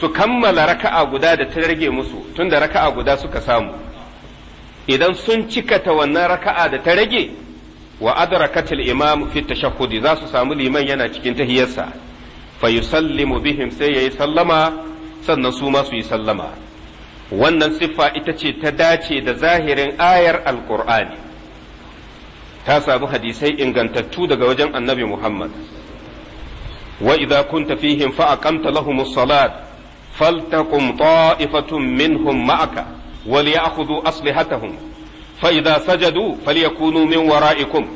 su kammala raka'a guda da ta rage musu tunda raka'a guda suka samu idan sun cika ta wannan raka'a da ta rage wa adrakatil imam fi tashahhudi za su samu liman yana cikin tahiyarsa fa yusallimu bihim sai yayi sallama sannan su ma su yi sallama wannan siffa ita ce ta dace da zahirin ayar alqur'ani ta samu hadisai ingantattu daga wajen annabi muhammad وإذا كنت فيهم فأقمت لهم الصلاة فلتقم طائفة منهم معك وليأخذوا أسلحتهم فإذا سجدوا فليكونوا من ورائكم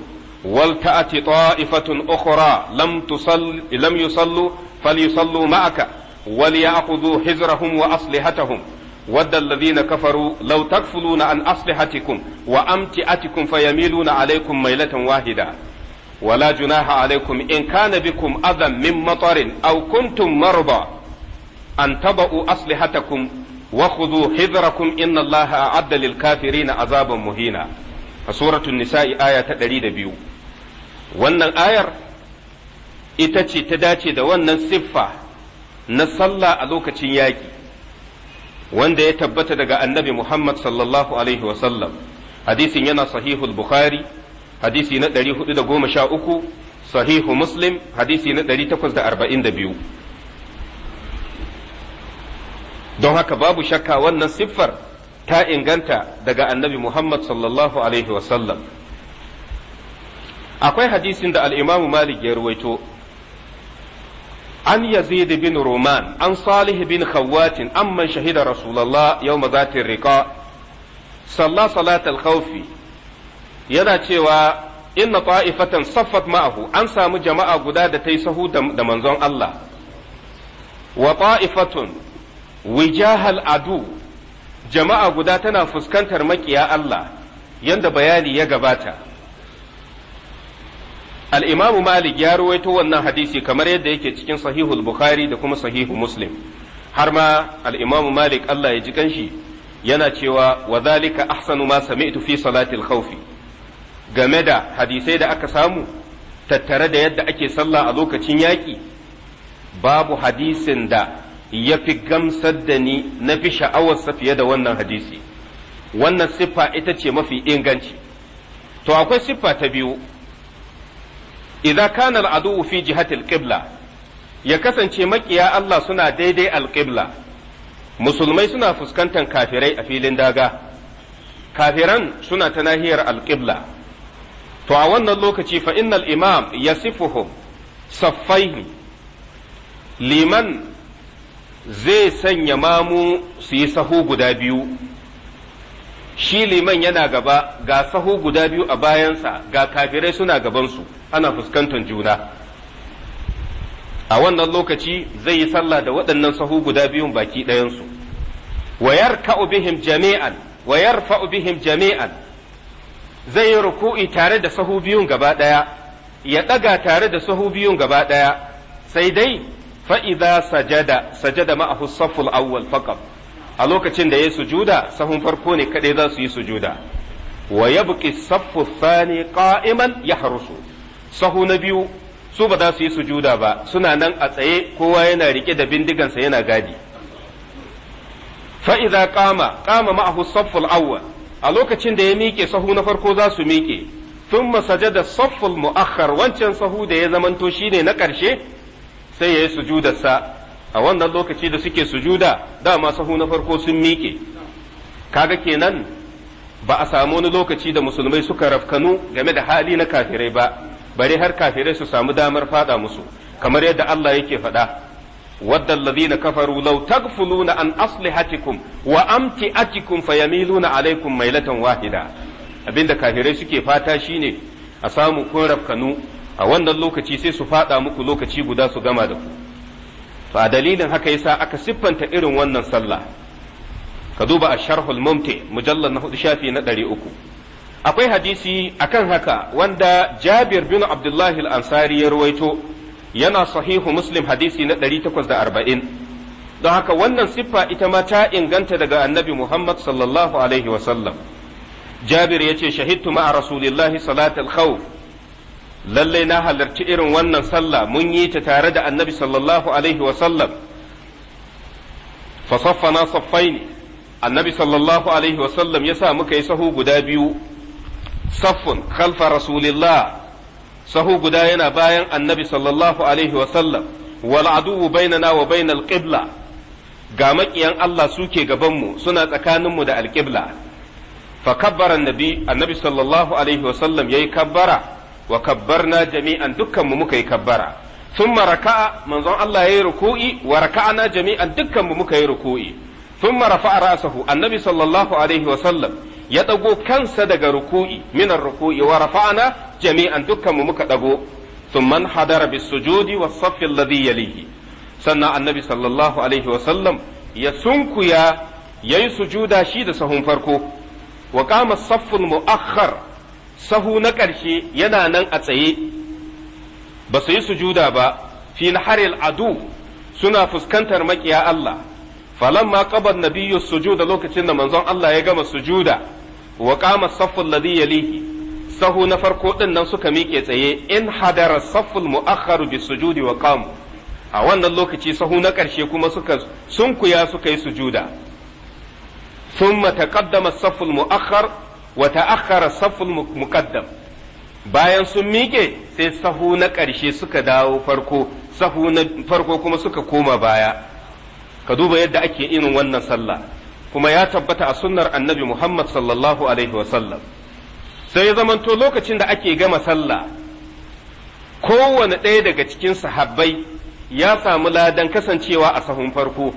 ولتأت طائفة أخرى لم تصل لم يصلوا فليصلوا معك وليأخذوا حزرهم وأسلحتهم ود الذين كفروا لو تكفلون عن أسلحتكم وأمتعتكم فيميلون عليكم ميلة واحدة wala junaha alaikum in kana bikum adam min matarin aw marba an taba'u aslihatakum wa khudhu hidrakum inna allaha a'adda lil kafirin azaban muhina a suratun nisa'i aya ta ɗari da biyu. wannan ayar ita ce ta dace da wannan siffa na sallah a lokacin yaƙi wanda ya tabbata daga annabi Muhammad sallallahu alaihi wasallam hadisin yana sahihul Bukhari hadisi na ɗari hudu da goma sha uku sahihu muslim hadisi na ɗari takwas da da biyu. don haka babu shakka wannan siffar ta inganta daga annabi Muhammad sallallahu alaihi wasallam akwai hadisin da al'imamu malik ya ruwaito an yazid bin roman an salih bin khawatin amman shahida rasulallah yau mazatin riƙa salla salatul khawfi yana cewa inna ta'ifatan saffat ma'ahu an samu jama'a guda da ta yi da manzon Allah wa ta'ifatun wijahal adu jama'a guda tana fuskantar maƙiya Allah yanda bayani ya gabata al-imam Malik ya ruwaito wannan hadisi kamar yadda yake cikin sahihul Bukhari da kuma sahihu Muslim har ma al-imam Malik Allah ya ji kanshi yana cewa wa zalika ahsanu ma sami'tu fi salatil kaufi. game da hadisai da aka samu tattare da yadda ake sallah a lokacin yaƙi babu hadisin da ya fi gamsar da ni na fi sha'awarsa fiye da wannan hadisi wannan siffa ita ce mafi inganci to akwai siffa ta biyu idza kana al'adu fi jihati al-qibla ya kasance makiya Allah suna daidai al-qibla musulmai suna fuskantar kafirai a filin daga kafiran suna ta nahiyar al-qibla to a wannan lokaci fa innal imam yasifuhum saffaihi liman zai sanya mamu su yi sahu guda biyu shi liman yana gaba ga sahu guda biyu a bayansa ga kafirai suna gabansu ana fuskantar juna a wannan lokaci zai yi sallah da waɗannan sahu guda biyun baki ɗayansu wayar bihim jami'an wayar bihim jami'an zai yi ruku'i tare da sahu biyun gaba ɗaya ya ɗaga tare da sahu biyun gaba ɗaya sai dai fa'iza sajada sajada ma'ahu saful awwal faqat a lokacin da ya sujuda sahun farko ne kaɗai za su yi sujuda wa buƙi saffu thani qa'iman yahrusu sahu na biyu su ba za su yi sujuda ba suna nan a tsaye kowa yana rike da bindigansa yana gadi fa'iza kama kama ma'ahu safful awwal a lokacin da ya miƙe sahu na farko za su miƙe masaje da safful mu'akhar wancan sahu da ya zamanto ne na ƙarshe sai ya yi sujudarsa a wannan lokaci da suke sujuda dama sahu na farko sun miƙe kaga kenan ba a samu wani lokaci da musulmai suka rafkanu game da hali na kafirai ba bari har kafirai su samu damar faɗa musu kamar yadda Allah yake faɗa wadda alladhina kafaru law taghfuluna an aslihatikum wa amtiatikum fayamiluna alaikum latan wahida abinda kafirai suke fata shine a samu kun rafkanu a wannan lokaci sai su fada muku lokaci guda su gama da ku to a dalilin haka yasa aka siffanta irin wannan sallah ka duba a sharhul mumti mujallal na hudu shafi na ɗari uku akwai hadisi akan haka wanda jabir bin abdullahi al-ansari ya ruwaito yana sahihu muslim hadisi na 840 don haka wannan siffa ita ma ta inganta daga annabi muhammad sallallahu alaihi wasallam jabir ya ce shahidtu ma'a rasulillahi salatul khawf lallai na halarci irin wannan sallah mun yi ta tare da annabi sallallahu alaihi wasallam fasaffana saffaini annabi sallallahu alaihi wasallam ya sa muka yi sahu guda biyu saffun khalfa rasulillah sahu guda yana bayan annabi sallallahu alaihi wasallam wal aduwu bainana wa bainal qibla ga maƙiyan Allah suke gabanmu suna tsakaninmu da alƙibla fa kabbara annabi annabi sallallahu alaihi wasallam yayi kabbara wa kabbarna jami'an dukkanmu muka yi kabbara thumma raka'a manzon Allah yayi ruku'i wa raka'ana jami'an dukkanmu muka yi ruku'i thumma rafa'a ra'sahu annabi sallallahu alaihi wasallam ya ɗago kansa daga ruku'i minar ruku'i wa rafa'ana jami'an dukkanmu muka ɗago man hadara bis sujudi was saffi alladhi yalihi sannan annabi sallallahu alaihi wa sallam ya sunkuya yayi sujuda shi da sahun farko wa kama safful mu'akhar sahu na ƙarshe yana nan a tsaye ba su yi sujuda ba fi haril adu suna fuskantar makiya Allah falamma qabad nabiyyu sujuda lokacin da manzon Allah ya gama sujuda wa qama saffu alladhi sahu na farko din nan suka miƙe tsaye in hadara safful mu'akhkharu bis sujudi wa qamu a wannan lokaci sahu na ƙarshe kuma suka sunkuya suka yi sujuda thumma taqaddama safful wa bayan sun miƙe sai sahu na ƙarshe suka dawo farko sahu na farko kuma suka koma baya ka duba yadda ake irin wannan sallah kuma ya tabbata a sunnar annabi Muhammad sallallahu alaihi wasallam sai ya zamanto lokacin da ake gama sallah kowane ɗaya daga cikin sahabbai ya samu ladan kasancewa a sahun farko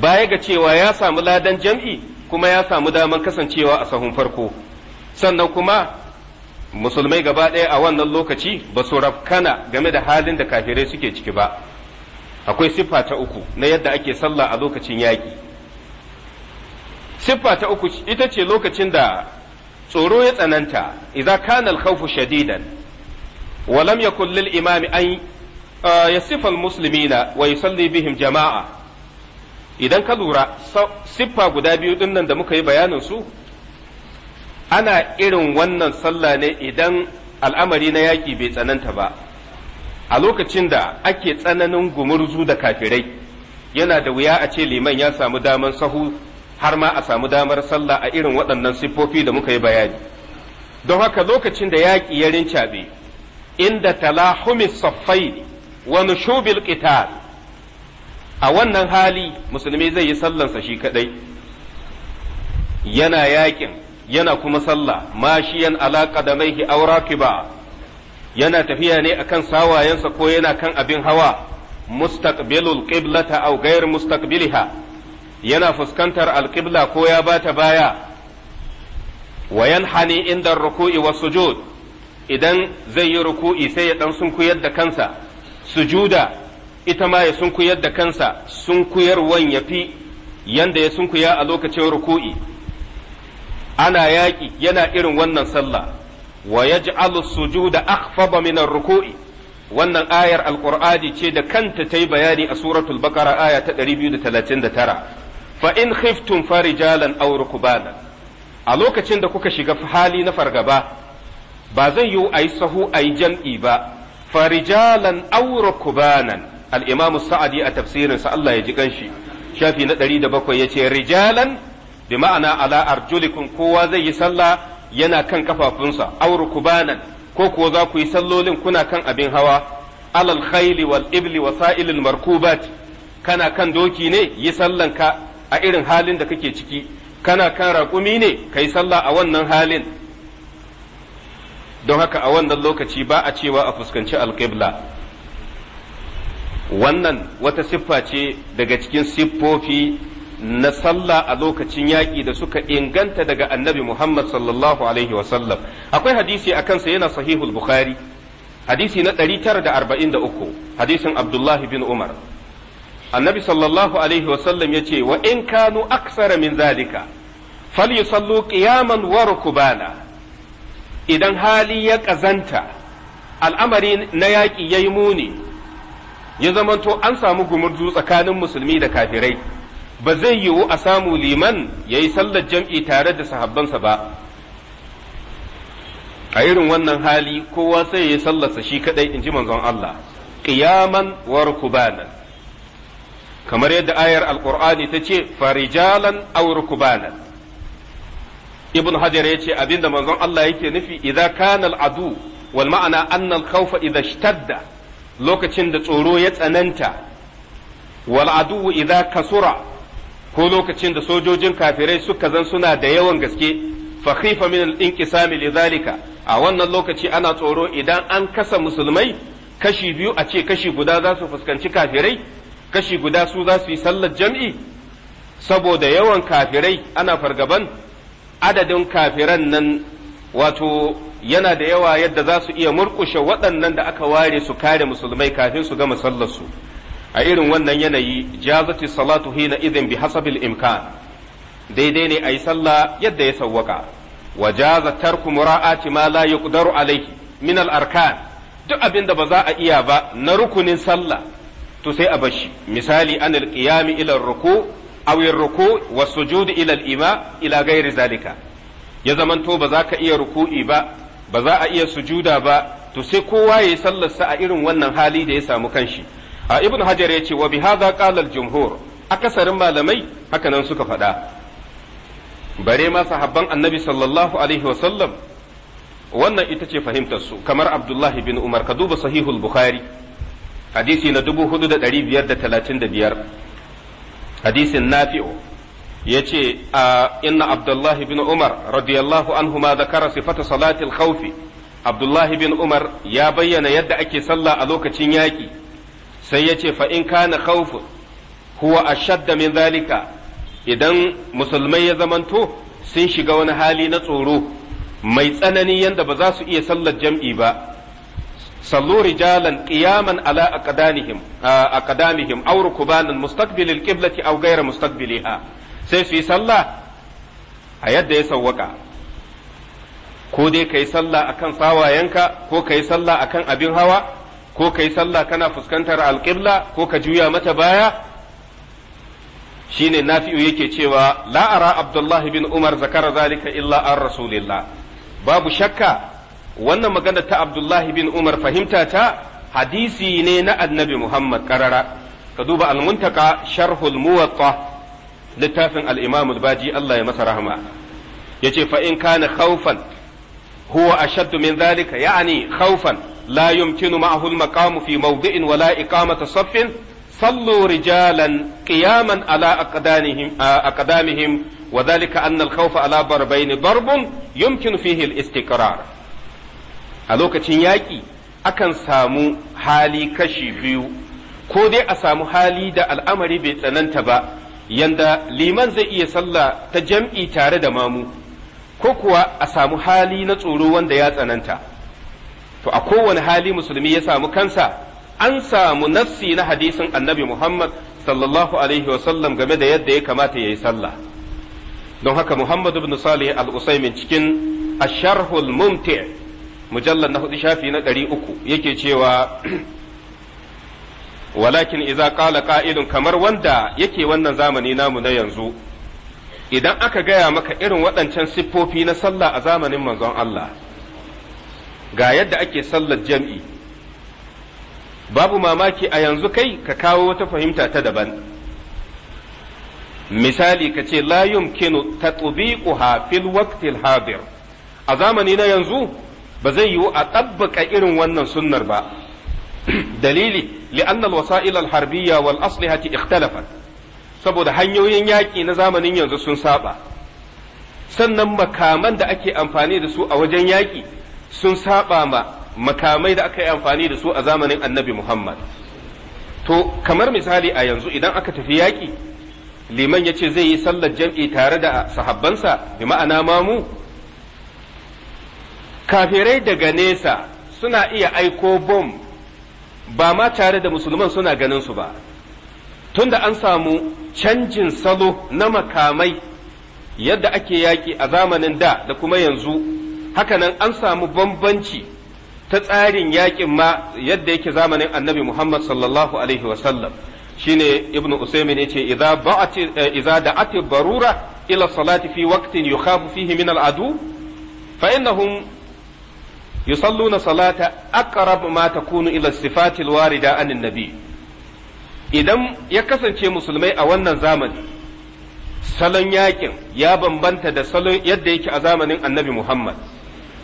baya ga cewa ya samu ladan jam'i kuma ya samu daman kasancewa a sahun farko sannan kuma musulmai gaba ɗaya a wannan lokaci ba su rafkana game da halin da kafirai suke ciki ba akwai siffa ta uku na yadda ake sallah a lokacin yaƙi siffa ta uku ita ce lokacin da tsoro ya tsananta idza kana al-khawfu shadidan wa lam yakul lil imami an yasifa al-muslimina wa yusalli bihim jama'a idan ka lura siffa guda biyu dinnan da muka yi bayanin su ana irin wannan sallah ne idan al'amari na yaƙi bai tsananta ba a lokacin da ake tsananin gumurzu da kafirai yana da wuya a ce liman ya samu daman sahu har ma a samu damar sallah a irin waɗannan siffofi da muka yi bayani don haka lokacin da yaƙi ya rincabe, inda talahumi saffai wani shubil qital a wannan hali musulmi zai yi sallansa shi kaɗai. yana yaƙin yana kuma sallah mashiyan alaƙa da mai ba, yana tafiya ne akan sawayensa ko yana kan abin hawa mustaqbilul qiblata aw ghayr mustaqbiliha yana fuskantar alƙibla ko ya bata baya wa yanhani inda ruku'i wa sujud idan zai yi ruku'i sai ya dan sunkuyar da kansa sujuda ita ma ya sunkuyar da kansa sunkuyarwan ya fi yanda ya sunkuya a lokacin ruku'i ana yaƙi yana irin wannan sallah wa yaj'alu sujuda akhfada min ruku'i wannan ayar alqur'ani ce da kanta ta yi bayani a suratul baqara aya ta 239 fa in khiftum farijalan aw a lokacin da kuka shiga hali na fargaba ba zai yiwu ayi sahu ayi jam'i ba farijalan aw rukbanan al-imamu sa'adi a tafsirin sa Allah ya ji ganshi shafi na ɗari da bakwai 107 yace rijalan bi ma'ana ala arjulikum kowa zai yi sallah yana kan kafafunsa aw rukbanan ko kuwa za ku yi sallolin kuna kan abin hawa alal khayli wal ibli wa markubat kana kan doki ne yi sallan ka a irin halin da kake ciki kana kan raƙumi ne ka yi sallah a wannan halin don haka a wannan lokaci ba a cewa a fuskanci alƙibla wannan wata siffa ce daga cikin siffofi na sallah a lokacin yaƙi da suka inganta daga annabi Muhammad sallallahu alaihi wasallam akwai hadisi a kansa yana sahihul bukhari hadisi na 943 hadisin abdullahi bin umar annabi sallallahu alaihi wasallam ya ce wa in kanu aksara min zalika falyusallu qiyaman wa rukubana idan hali ya kazanta al'amari na yaƙi ya yi muni ya zamanto an samu gumurzu tsakanin musulmi da kafirai ba zai yiwu a samu liman ya yi sallar jam'i tare da sahabbansa ba a irin wannan hali kowa sai ya yi sallarsa shi kaɗai in ji manzon Allah qiyaman wa rukubanan kamar yadda ayar alqur'ani ta ce farijalan aw rukbanan ibn hajar ya ce abinda manzon Allah yake nufi idza kana al'adu wal ma'ana anna al-khawf idza ishtadda lokacin da tsoro ya tsananta wal adu idza kasura ko lokacin da sojojin kafirai suka zan suna da yawan gaske fa khifa min al-inqisam lidhalika a wannan lokaci ana tsoro idan an kasa musulmai kashi biyu a ce kashi guda za su fuskanci kafirai kashi guda su za su yi sallar jam'i saboda yawan kafirai ana fargaban adadin kafiran nan wato yana da yawa yadda za su iya murkushe waɗannan da aka ware su kare musulmai kafin su gama sallarsu a irin wannan yanayi jazati salatu hina idin bi hasabil imkan daidai ne a yi sallah yadda ya sawwaka wa jaza tarku mura'ati ma la yuqdaru alayhi min al arkan duk abin da ba za a iya ba na rukunin sallah to sai a bashi misali an alqiyami ila ruku aw ruku wa ila al-ima ila ghairi zalika ya zamanto ba za ka iya ruku'i ba ba za a iya sujuda ba to sai kowa yayi sallarsa a irin wannan hali da ya samu kanshi a ibn hajar ya ce wa bi qala al-jumhur akasarin malamai haka nan suka faɗa bare ma sahabban annabi sallallahu alaihi wa sallam wannan ita ce fahimtar su kamar abdullahi bin umar ka duba sahihul bukhari hadisi na 4535 hadisin nafi'u yace inna abdullah bin umar radiyallahu anhu ma zakara sifata salatil khawfi abdullahi bin umar ya bayyana yadda ake sallah a lokacin yaki sai yace fa in kana khawfu huwa a min zalika idan musulmai ya zamanto sun shiga wani hali na tsoro mai tsanani yanda ba za su iya sallar jam'i ba sallu rijalan ƙiyaman ala aqdanihim aqdamihim aw rukbanan mustaqbil alqiblati aw mustaqbiliha sai su yi sallah a yadda ya sawwaka ko dai kai sallah akan sawayenka ko kai sallah akan abin hawa ko kai sallah kana fuskantar alƙibla, ko ka juya mata baya shine nafi'u yake cewa la'ara abdullahi bin umar zakara zalika illa an rasulillah babu shakka wannan magana ta abdullahi bin umar fahimta ta hadisi ne na annabi muhammad karara ka duba almuntaka sharhul muwatta littafin al-imam al-baji Allah ya masa rahma yace fa in kana khawfan huwa ashaddu min dhalika ya'ni khawfan la yumkinu ma'ahu al-maqamu fi mawdi'in wa la saffin صلوا رجالا قياما على أقدامهم أقدامهم وذلك أن الخوف على ضربين ضرب يمكن فيه الاستقرار a lokacin yaƙi akan samu hali kashi biyu ko dai a samu hali da al'amari bai tsananta ba yanda liman zai iya sallah ta jam'i tare da mamu ko kuwa a samu hali na tsoro wanda ya tsananta to a kowane hali musulmi ya samu kansa an samu nassi na hadisin annabi muhammad sallallahu alaihi wasallam game da yadda ya kamata ya yi sallah don haka muhammad ibn salih al-usaimin cikin asharhul mumti' mujallar na hudu shafi na ɗari uku yake cewa walakin iza ƙala ƙa'idun kamar wanda yake wannan zamani namu na yanzu idan aka gaya maka irin waɗancan siffofi na sallah a zamanin manzon Allah ga yadda ake sallar jam'i babu mamaki a yanzu kai ka kawo wata fahimta ta daban misali ka ce la yumkinu tatbiquha fil waqtil hadir a zamani na yanzu ba zai yiwu a ɗabbaka irin wannan sunnar ba dalili li'annal wasa'ilal wasail harbiyya wal aslihati ikhtalafat saboda hanyoyin yaƙi na zamanin yanzu sun saba sannan makaman da ake amfani da su a wajen yaƙi sun saba ma makamai da aka yi amfani da su a zamanin annabi Muhammad to kamar misali a yanzu idan aka tafi yaƙi liman ya ce zai yi sallar jam'i tare da sahabbansa bi ma'ana mamu kafirai daga nesa suna iya aiko bom ba ma tare da musulman suna ganin su ba tunda an samu canjin salo na makamai yadda ake yaƙi a zamanin da da kuma yanzu hakanan an samu bambanci ta tsarin yaƙin ma yadda yake zamanin annabi muhammad sallallahu alaihi wasallam shine ibn usaymin yace idza ba'at idza da'at barura ila salati fi waqtin yukhafu fihi min al'adu fa innahum yusalluna salata aqrab ma takunu ila sifatil warida anin nabi idan ya kasance musulmai a wannan zamani salon yakin ya bambanta da salon yadda yake a zamanin annabi Muhammad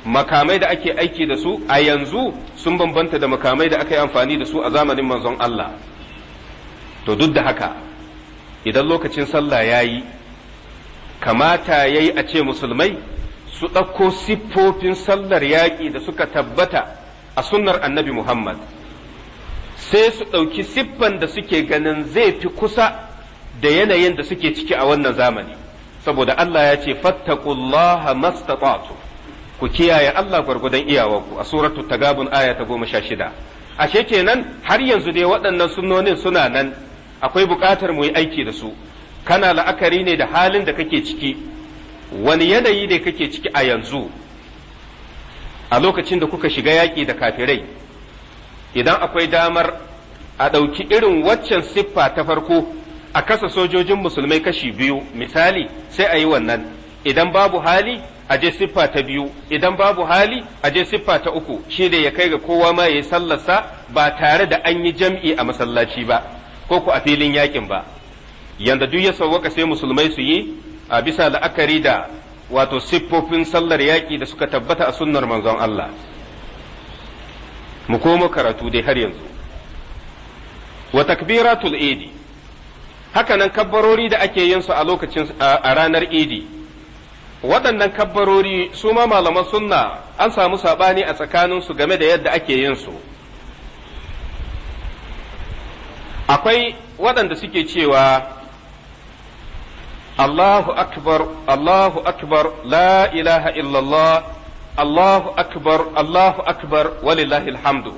makamai da ake aiki da su a yanzu sun bambanta da makamai da aka yi amfani da su a zamanin manzon Allah to duk da haka idan lokacin sallah ya yi kamata ya yi a ce musulmai su ɗauko siffofin sallar yaƙi da suka tabbata a sunnar annabi Muhammad sai su ɗauki siffan da suke ganin zai fi kusa da yanayin da suke ciki a wannan zamani saboda Allah ya ce Fattakullaha mastata'tu ku kiyaye Allah gwargwadon iyawanku a suratul tagabun aya ta goma sha shida ashe kenan har yanzu dai waɗannan sunnonin suna nan akwai buƙatar mu yi aiki da su kana la'akari ne da halin da kake ciki wani yanayi ne kake ciki a yanzu a lokacin da kuka shiga yaƙi da kafirai idan akwai damar a ɗauki irin waccan siffa ta farko a kasa sojojin musulmai kashi biyu misali sai a yi wannan idan babu hali a je siffa ta biyu idan babu hali a je siffa ta uku shi da ya kai ga kowa ma ya yi sallarsa ba tare da an yi jam'i a masallaci ba ko ku a filin yaƙin ba yanda duk ya sauwaka sai musulmai su yi a bisa la'akari da wato siffofin sallar yaƙi da suka tabbata a sunnar manzon Allah mu komo karatu dai har yanzu wa takbiratul idi hakanan kabbarori da ake yin su a lokacin a ranar idi waɗannan kabbarori su ma malaman sunna an samu saɓani a tsakaninsu game da yadda ake yin su akwai waɗanda suke cewa Allahu akbar Allahu akbar la ilaha illallah Allahu akbar Allahu akbar walillahil hamdu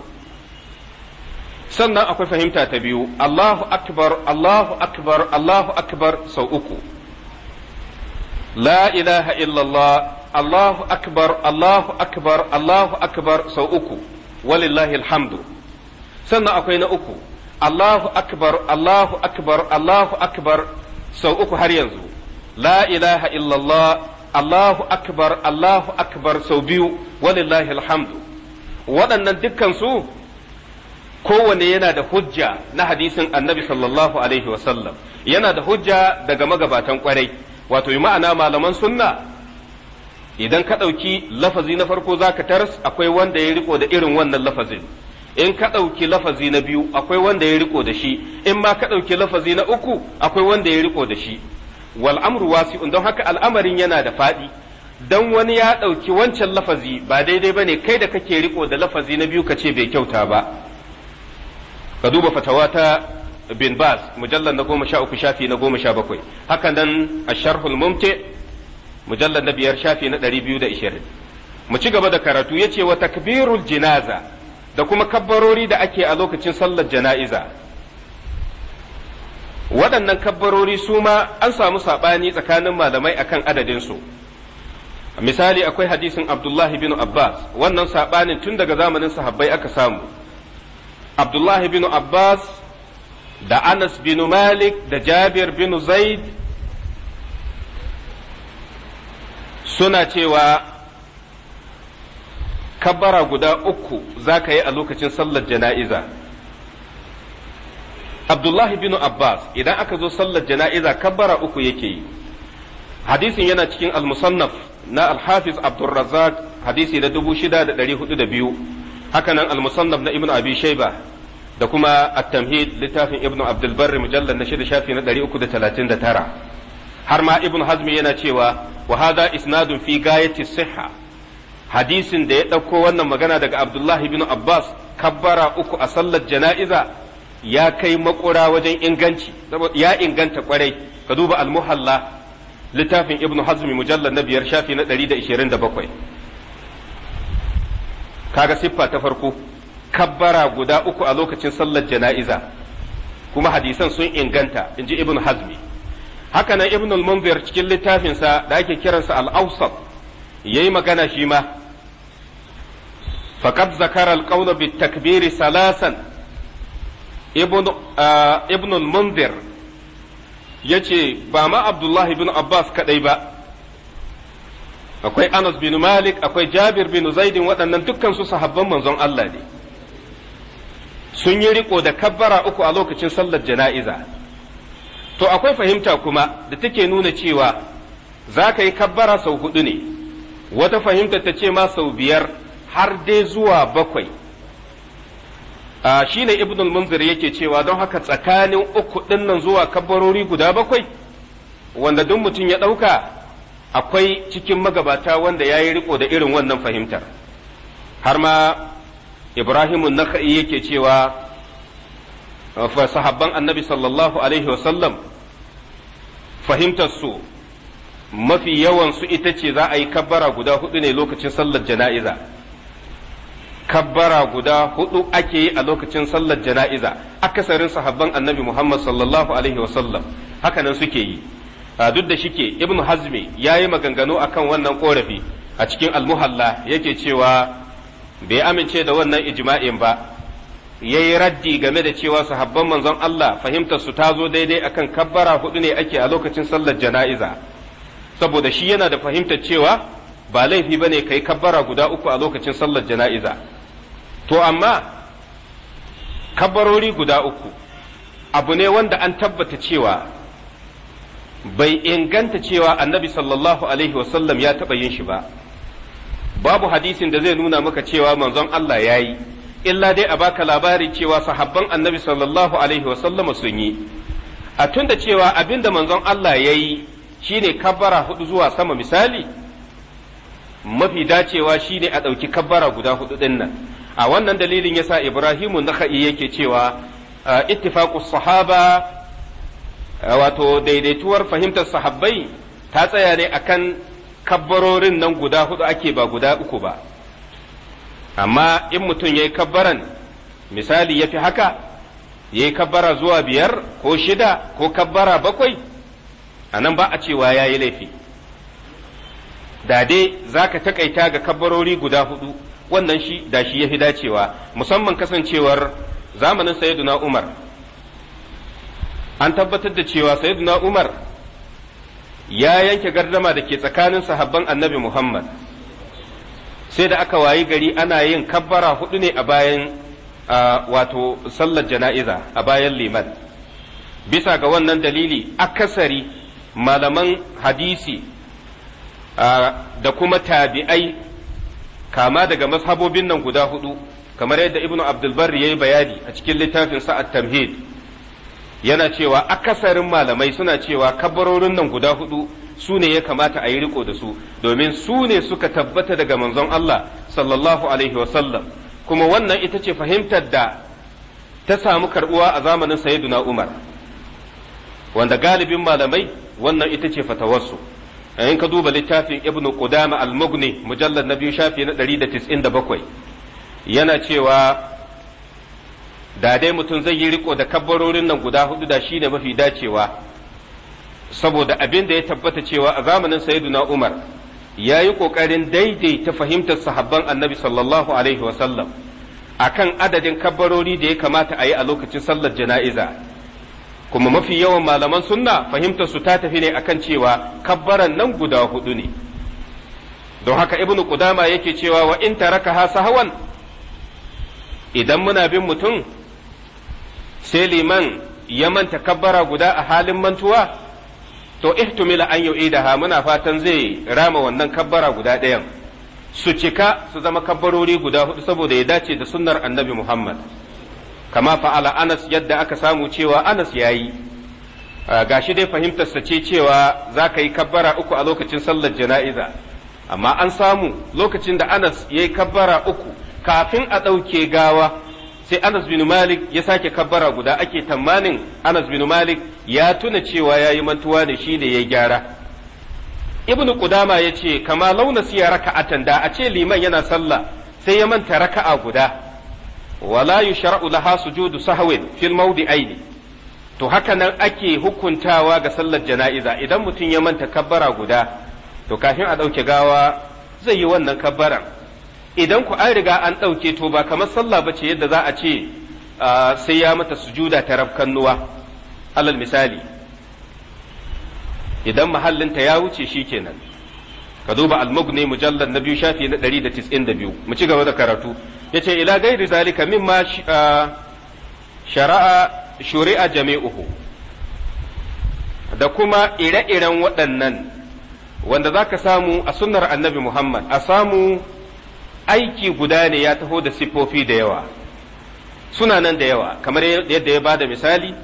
sannan akwai fahimta ta biyu Allahu akbar Allahu akbar Allahu akbar sau uku la ilaha illallah Allahu akbar Allahu akbar Allahu akbar sau uku walillahil hamdu sannan akwai na uku Allahu akbar Allahu akbar Allahu akbar sau uku har yanzu la ilaha illallah Allahu akbar Allahu akbar sau biyu walillahi alhamdu waɗannan dukkansu kowane yana da hujja na hadisin annabi sallallahu alaihi wasallam yana da hujja daga magabatan kwarai wato yi ma'ana malaman sunna idan ka ɗauki lafazi na farko za ka taras akwai wanda ya riko da irin wannan lafazin in ka ɗauki lafazi na biyu akwai wanda ya riko da shi in ma ka ɗauki lafazi na uku akwai wanda ya riko da shi Wal'amru amru wasi'un don haka al'amarin yana da faɗi dan wani ya ɗauki wancan lafazi ba daidai ba ne kai da kake riko da lafazi na biyu ka ce bai kyauta ba ka duba fatawa ta bin bas mujallar na goma sha uku shafi na goma sha bakwai haka nan a sharhul mumte mujallar na biyar shafi na ɗari biyu da ishirin mu ci gaba da karatu ya ce wa takbirul jinaza da kuma kabbarori da ake a lokacin sallar jana'iza waɗannan kabbarori su ma an samu saɓani tsakanin malamai akan adadinsu misali akwai hadisin abdullahi bin abbas wannan saɓanin tun daga zamanin sahabbai aka samu abdullahi bin abbas da anas bin malik da jabir bin zaid suna cewa kabbara guda uku za ka yi a lokacin sallar jana'iza abdullahi bin abbas idan aka zo sallar jana'iza kabbara uku yake yi hadisin yana cikin al-musannaf na al-hafiz abdurrazzaq hadisi da biyu. hakanan al-musannaf na ibnu abi Shaiba da kuma at-tamhid littafin ibnu abdul Mujallar na shida shafi na tara har ma ibnu hazmi yana cewa wa hadha isnadun fi gayati sihha hadisin da ya ɗauko wannan magana daga abdullahi bin abbas kabbara uku a sallar jana'iza ya kai makura wajen inganci ya inganta kwarai ka duba almuhalla littafin ibn hazmi mujallar na biyar shafi na 127 kaga siffa ta farko kabbara guda uku a lokacin sallar jana'iza kuma hadisan sun inganta in ji ibn hazmi hakanan ibn al cikin littafinsa da ake kiransa al-awsat yayi magana shima. faqad zakara al bi takbiri salasan ibn ibn al-mundir yace ba ma abdullah ibn abbas kaɗai ba akwai anas bin malik akwai jabir bin zaidin waɗannan dukkan su sahabban manzon Allah ne sun yi riko da kabbara uku a lokacin sallar jana'iza to akwai fahimta kuma da take nuna cewa za ka yi kabbara sau hudu ne wata fahimta ta ce ma sau biyar har dai zuwa bakwai a shi ne ibnul munzir yake cewa don haka tsakanin uku nan zuwa kabarori guda bakwai wanda duk mutum ya ɗauka akwai cikin magabata wanda ya yi riko da irin wannan fahimtar har ma ibrahimu naka'i yake cewa sahabban annabi sallallahu alaihi wasallam fahimtarsu mafi su ita ce za a yi kabbara guda hudu ne lokacin sallar jana'iza kabbara guda hudu ake yi a lokacin sallar jana'iza akasarin sahabban annabi Muhammad sallallahu alaihi wa haka hakanan suke yi ah, duk da shike ibn hazmi ya yi maganganu akan wannan korafi a cikin almuhalla yake cewa bai amince da wannan ijma'in ba ya yi raddi game da cewa sahabban manzon Allah fahimtar su ta zo daidai akan kabbara hudu ne ake a lokacin sallar jana'iza saboda shi yana da fahimtar cewa ba laifi bane kai kabbara guda uku a lokacin sallar jana'iza to amma kabbarori guda uku abu ne wanda an tabbata cewa bai inganta cewa annabi sallallahu alaihi wasallam ya taba yin shi ba babu hadisin da zai nuna maka cewa manzon Allah ya yi illa dai a baka labari cewa sahabban annabi sallallahu alaihi wasallam sun yi a tunda cewa abinda manzon Allah ya yi shine kabbara hudu zuwa sama misali mafi dacewa shine a ɗauki kabbara guda hudu ɗin nan a wannan dalilin yasa ibrahimu naka'i yake cewa ah, ittifaqu sahaba ah, wato daidaituwar fahimtar sahabbai ta tsaya ne akan kabbarorin nan guda hudu ake ba guda uku ba amma in mutum ya yi kabbaran misali ya fi haka ya yi kabbara zuwa biyar ko shida ko kabbara bakwai a nan ba a cewa ya yi laifi da dai ka taƙaita ga kabarori guda hudu wannan shi da shi ya fi dacewa musamman kasancewar zamanin sayyiduna Umar an tabbatar da cewa sayyiduna Umar ya yanke gardama da ke tsakanin sahabban annabi Muhammad sai da aka wayi gari ana yin kabbara hudu ne a bayan wato sallar jana'iza a bayan liman bisa ga wannan dalili akasari malaman hadisi da kuma tabi'ai kama daga mazhabobin nan guda hudu kamar yadda ibn abdulbar ya yi bayani a cikin littafin sa'ad tamhid yana cewa akasarin malamai suna cewa kabarorin nan guda hudu su ne ya kamata a yi riko da su domin su ne suka tabbata daga manzon Allah sallallahu alaihi wasallam kuma wannan ita ce fahimtar da ta samu karbuwa a zamanin sayyiduna Umar wanda galibin malamai wannan ita ce fatawarsu Eh, in ka duba littafin ibnu qudama al-mughni mujallad na biyu shafi na 197 yana cewa da dai mutum zai yi riko da kabbarorin nan guda hudu da shine mafi dacewa saboda abin da ya tabbata cewa a zamanin sayyiduna umar ya yi ƙoƙarin daidaita fahimtar sahabban annabi sallallahu alaihi wasallam akan adadin kabbarori da ya kamata a yi a lokacin sallar jana'iza kuma mafi yawan malaman sunna fahimtar su ta tafi ne akan cewa kabbaran nan guda hudu ne don haka ibn qudama yake cewa wa in taraka ha idan muna bin mutum sai liman ya manta kabbara guda a halin mantuwa to ihtumila an yu'idaha muna fatan zai rama wannan kabbara guda ɗayan su cika su zama kabbarori guda hudu saboda ya dace da sunnar annabi Muhammad kama fa'ala Anas yadda aka samu cewa Anas yayi gashi dai fahimtarsa ce cewa za ka yi kabbara uku a lokacin sallar jana'iza amma an samu lokacin da Anas ya yi kabbara uku kafin a ɗauke gawa sai Anas bin Malik ya sake kabbara guda ake tamanin Anas bin Malik ya tuna cewa ya yi mantuwa ne shi ne ya gyara. Ibn Qudama ya ce, kama launa ya raka'atan da a ce liman yana sallah sai ya manta raka'a guda, wala yushra'u laha sujudu sahwin fil aini. to haka nan ake hukuntawa ga sallar jana'iza idan mutum ya manta kabbara guda to kafin a ɗauke gawa zai yi wannan kabbaran idan ku an riga an ɗauke to ba kamar sallah bace yadda za a ce sai ya mata sujuda ta rafkannuwa alal misali idan mahallinta ya wuce shi kenan ka duba al-mughni mujallad na biyu shafi na 192 mu ci gaba da karatu yace ila gairi zalika mimma ah, shara'a shuri'a jami'uhu da kuma ire-iren waɗannan wanda za ka samu a sunnar annabi Muhammad a samu aiki guda ne ya taho da siffofi da yawa suna nan da yawa kamar yadda ya ba da misali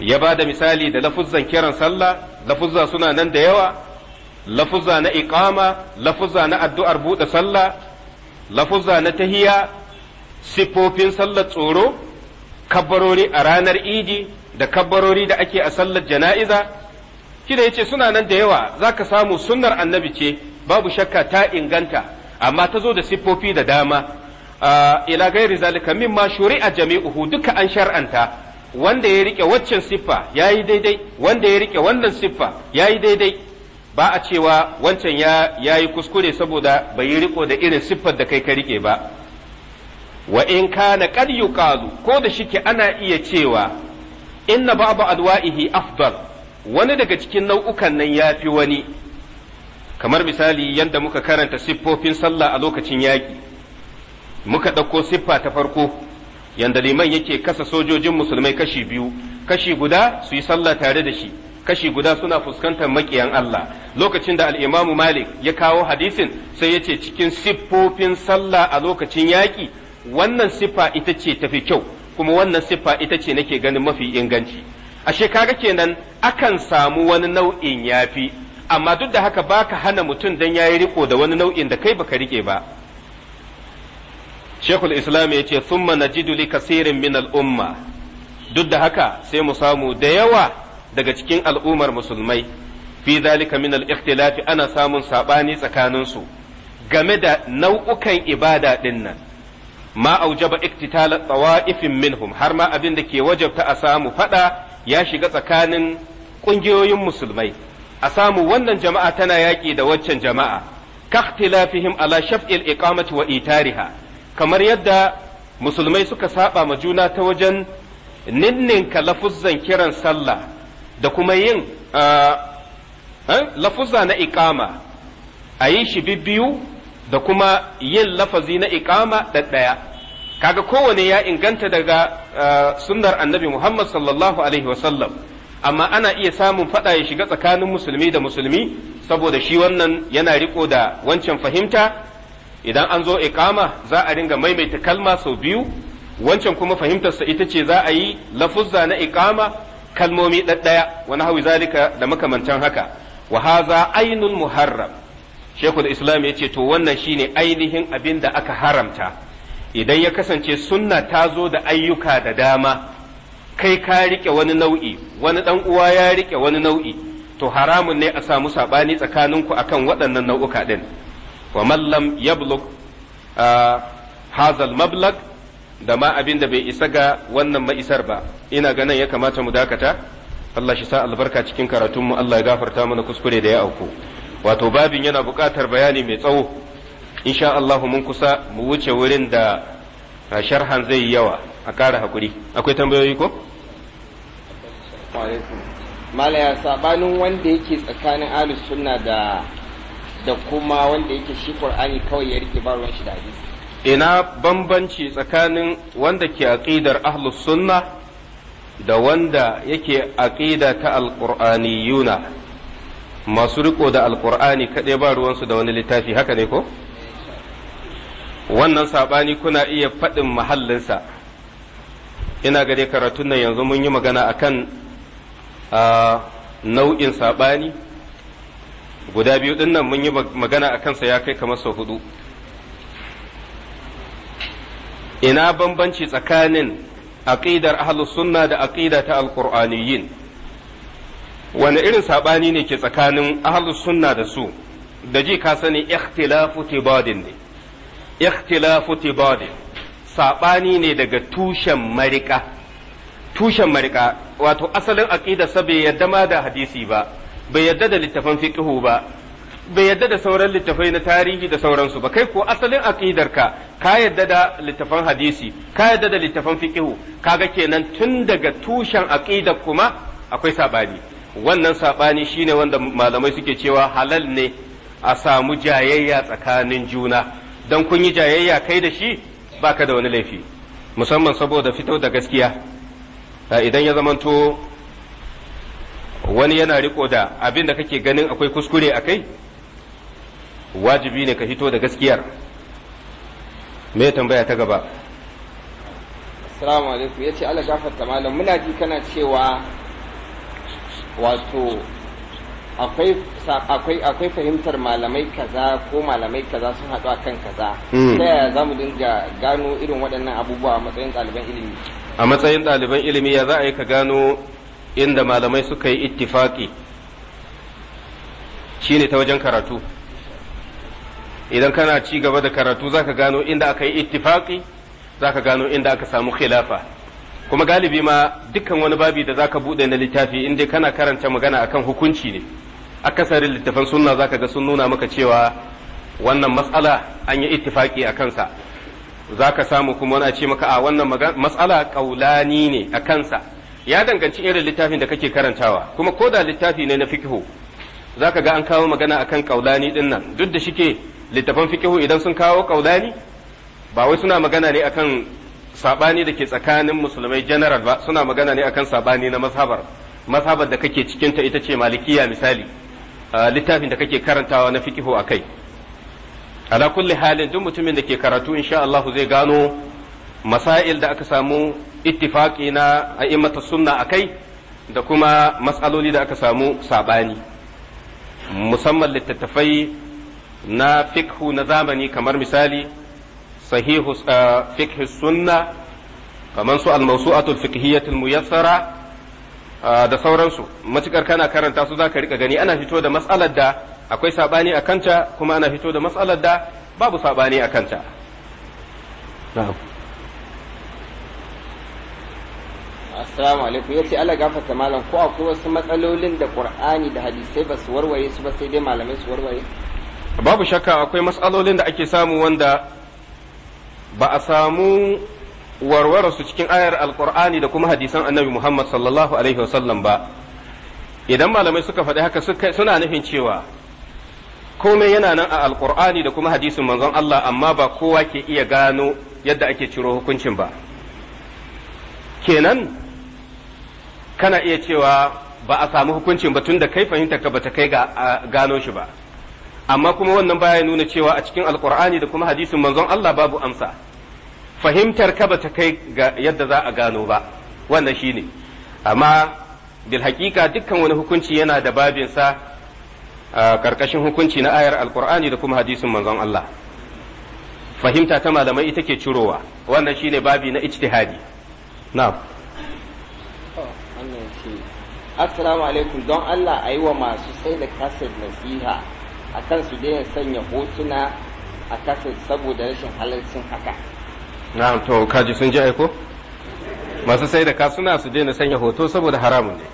ya bada misali da lafuzzan kiran sallah lafuzza suna nan da yawa lafuzza na iqama lafuzza na addu'ar buɗe sallah lafuzza na tahiya sifofin sallar tsoro kabbarori a ranar idi da kabbarori da ake a sallar jana'iza kida yace suna nan da yawa zaka samu sunnar annabi ce babu shakka ta inganta amma ta zo da siffofi da dama ila gairi zalika mimma shuri'a jami'uhu duka an shar'anta wanda ya rike waccan siffa yayi daidai wanda ya rike wannan siffa yayi daidai ba a cewa wancan ya yayi kuskure saboda bai yi riko da irin siffar da kai ka rike ba wa in kana qad yuqalu ko da shike ana iya cewa inna ba'd adwa'ihi afdal wani daga cikin nau'ukan nan yafi wani kamar misali yadda muka karanta siffofin sallah a lokacin yaƙi muka ɗauko siffa ta farko yadda liman yake kasa sojojin musulmai kashi biyu kashi guda su yi sallah tare da shi kashi guda suna fuskantar makiyan Allah lokacin da al-Imam Malik ya kawo hadisin sai yace cikin siffofin sallah a lokacin yaƙi wannan siffa ita ce tafi kyau kuma wannan siffa ita ce nake ganin mafi inganci ashe kaga kenan akan samu wani nau'in yafi amma duk da haka baka hana mutum dan yayi riko da wani nau'in da kai baka rike ba Sheikhul Islam ya ce summa najidu li kasirin min al-umma duk da haka sai mu samu da yawa daga cikin al'ummar musulmai fi zalika min al ana samun saɓani tsakanin su game da nau'ukan ibada din nan ma aujaba iktitala tawa'ifin minhum har ma abin da ke wajabta a samu fada ya shiga tsakanin ƙungiyoyin musulmai a samu wannan jama'a tana yaƙi da waccan jama'a ka ikhtilafihim ala shaf'il iqamati wa itariha kamar yadda musulmai suka saba ma juna ta wajen ninninka lafuzzan kiran sallah da kuma yin ah, eh, lafuzza na ikama a yi shi bibbiyu da kuma yin lafazi na da ɗaya kaga kowane ya inganta daga ah, sunnar annabi Muhammad sallallahu alaihi wasallam amma ana iya samun faɗa ya shiga tsakanin musulmi da musulmi saboda shi wannan yana riko da wancan fahimta idan an zo ikama, za a ringa maimaita kalma sau biyu wancan kuma fahimtarsa ita ce za a yi lafuzza na ikama. kalmomi ɗaya wani hawi zalika da makamantan haka wa haza ainul muharram shekul islam ya ce to wannan shine ainihin abin da aka haramta idan ya kasance sunna ta zo da ayyuka da dama kai ka rike wani nau'i wani dan uwa ya rike wani nau'i to haramun ne a samu sabani tsakaninku akan waɗannan nau'uka din wa mallam lam yablug ah, hazal mablag da ma abin da bai isa ga wannan ma'isar ba ina ganin ya kamata mu dakata Allah shi sa albarka cikin karatun mu Allah ya gafarta mana kuskure da ya auku wato babin yana buƙatar bayani mai tsawo insha Allah mun kusa mu wuce wurin da sharhan zai yi yawa a ƙara hakuri akwai tambayoyi ko malaya sabanin wanda yake tsakanin ahlus sunna da da kuma wanda yake shi qur'ani kawai ya rike ba ruwan shi da hadisi ina bambanci tsakanin wanda ke aƙidar ahlus sunna da wanda yake aƙida ta yuna masu riko da alƙur'ani kaɗai ba ruwansu da wani littafi haka ne ko wannan saɓani kuna iya faɗin mahallinsa ina gare karatun nan yanzu mun yi magana akan nau'in saɓani guda biyu ɗin nan mun yi magana akansa ya kai kamar sau hudu ina bambanci tsakanin aƙidar ahlus sunna da aƙida ta alqur'aniyyin wani irin saɓani ne ke tsakanin ahlus sunna da su da ji ka sani ikhtilafu tibadin ne ikhtilafu tibadin sabani ne daga tushen marika tushen marika wato asalin aƙida sa yadda ma da hadisi ba bai yadda da littafan fiƙihu ba bai yadda da sauran littafai na tarihi da sauransu ba kai ko asalin aqidarka ka yadda da littafan hadisi ka yadda da littafan fiqihu kaga kenan tun daga tushen aqida kuma akwai sabani wannan sabani shine wanda malamai suke cewa halal ne a samu jayayya tsakanin juna dan kun yi jayayya kai da shi baka da wani laifi musamman saboda fito da gaskiya idan ya zamanto wani yana riko da abin da kake ganin akwai kuskure a kai wajibi ne ka hito da gaskiyar me tambaya ta gaba assalamu alaikum yace Allah gafarta malam muna ji kana cewa wato akwai akwai akwai fahimtar malamai kaza ko malamai kaza sun haɗu kan kaza hmm. ta yaya zamu dinga gano irin waɗannan abubuwa a matsayin ɗaliban ilimi a matsayin ɗaliban ilimi ya za a yi ka gano inda malamai suka yi ittifaki shine ta wajen karatu idan kana ci gaba da karatu zaka gano inda aka yi ittifaqi zaka gano inda aka samu khilafa kuma galibi ma dukkan wani babi da zaka buɗe na littafi inda kana karanta magana akan hukunci ne akasarin littafan sunna zaka ga sun nuna maka cewa wannan matsala an yi ittifaqi a kansa zaka samu kuma wani a ce maka a wannan matsala kaulani ne a kansa ya danganci irin littafin da kake karantawa kuma ko da littafi ne na fikihu zaka ga an kawo magana akan kaulani dinnan duk da shike littafan fikihu idan sun kawo kaudani ba wai suna magana ne akan sabani da ke tsakanin musulmai general ba suna magana ne akan sabani na mazhabar mazhabar da kake cikin ta ita ce malikiya misali ah, littafin da kake karantawa na fikihu akai ala kulli halin duk mutumin da ke karatu insha Allah zai gano masail da aka samu ittifaqi na a'immatus sunna akai da kuma matsaloli da aka samu sabani musamman littattafai na fikhu na zamani kamar misali sahihu eh, fikhi sunna kamar su al-mawsu'atul fiqhiyyatul muyassara eh, da sauransu matukar kana karanta su zaka rika gani ana fito da mas'alar da akwai sabani a kanta kuma ana fito da mas'alar da babu sabani a kanta assalamu alaikum yace Allah gafarta malam ko akwai wasu matsalolin da Qur'ani da hadisai ba su warware su ba sai dai malamai su warware babu shakka akwai matsalolin da ake samu wanda ba a samu warware su cikin ayar alkur'ani da kuma hadisan annabi muhammad sallallahu alaihi wasallam ba idan malamai suka faɗi haka suna nufin cewa komai yana nan a alkur'ani da kuma hadisin manzon allah amma ba kowa ke iya gano yadda ake ciro hukuncin ba kenan kana iya cewa ba a samu hukuncin ba tunda kai fahimta ka ta kai ga gano shi ba amma kuma wannan baya nuna cewa a cikin alkur'ani da kuma hadisin manzon Allah babu amsa fahimtar ka bata kai ga yadda za a gano ba wannan shine amma bil hakika dukkan wani hukunci yana da babinsa a karkashin hukunci na ayar alkur'ani da kuma hadisin manzon Allah fahimta ta malamai ita ke cirowa wannan shine babi na ijtihadi na'am assalamu alaikum don Allah a yi wa masu sai da kaset nasiha a kan su daina sanya hotuna a kasar saboda rashin halarcin haka na'am to kaji sun ji aiko masu sai da kasuna su daina sanya hoto saboda haramun ne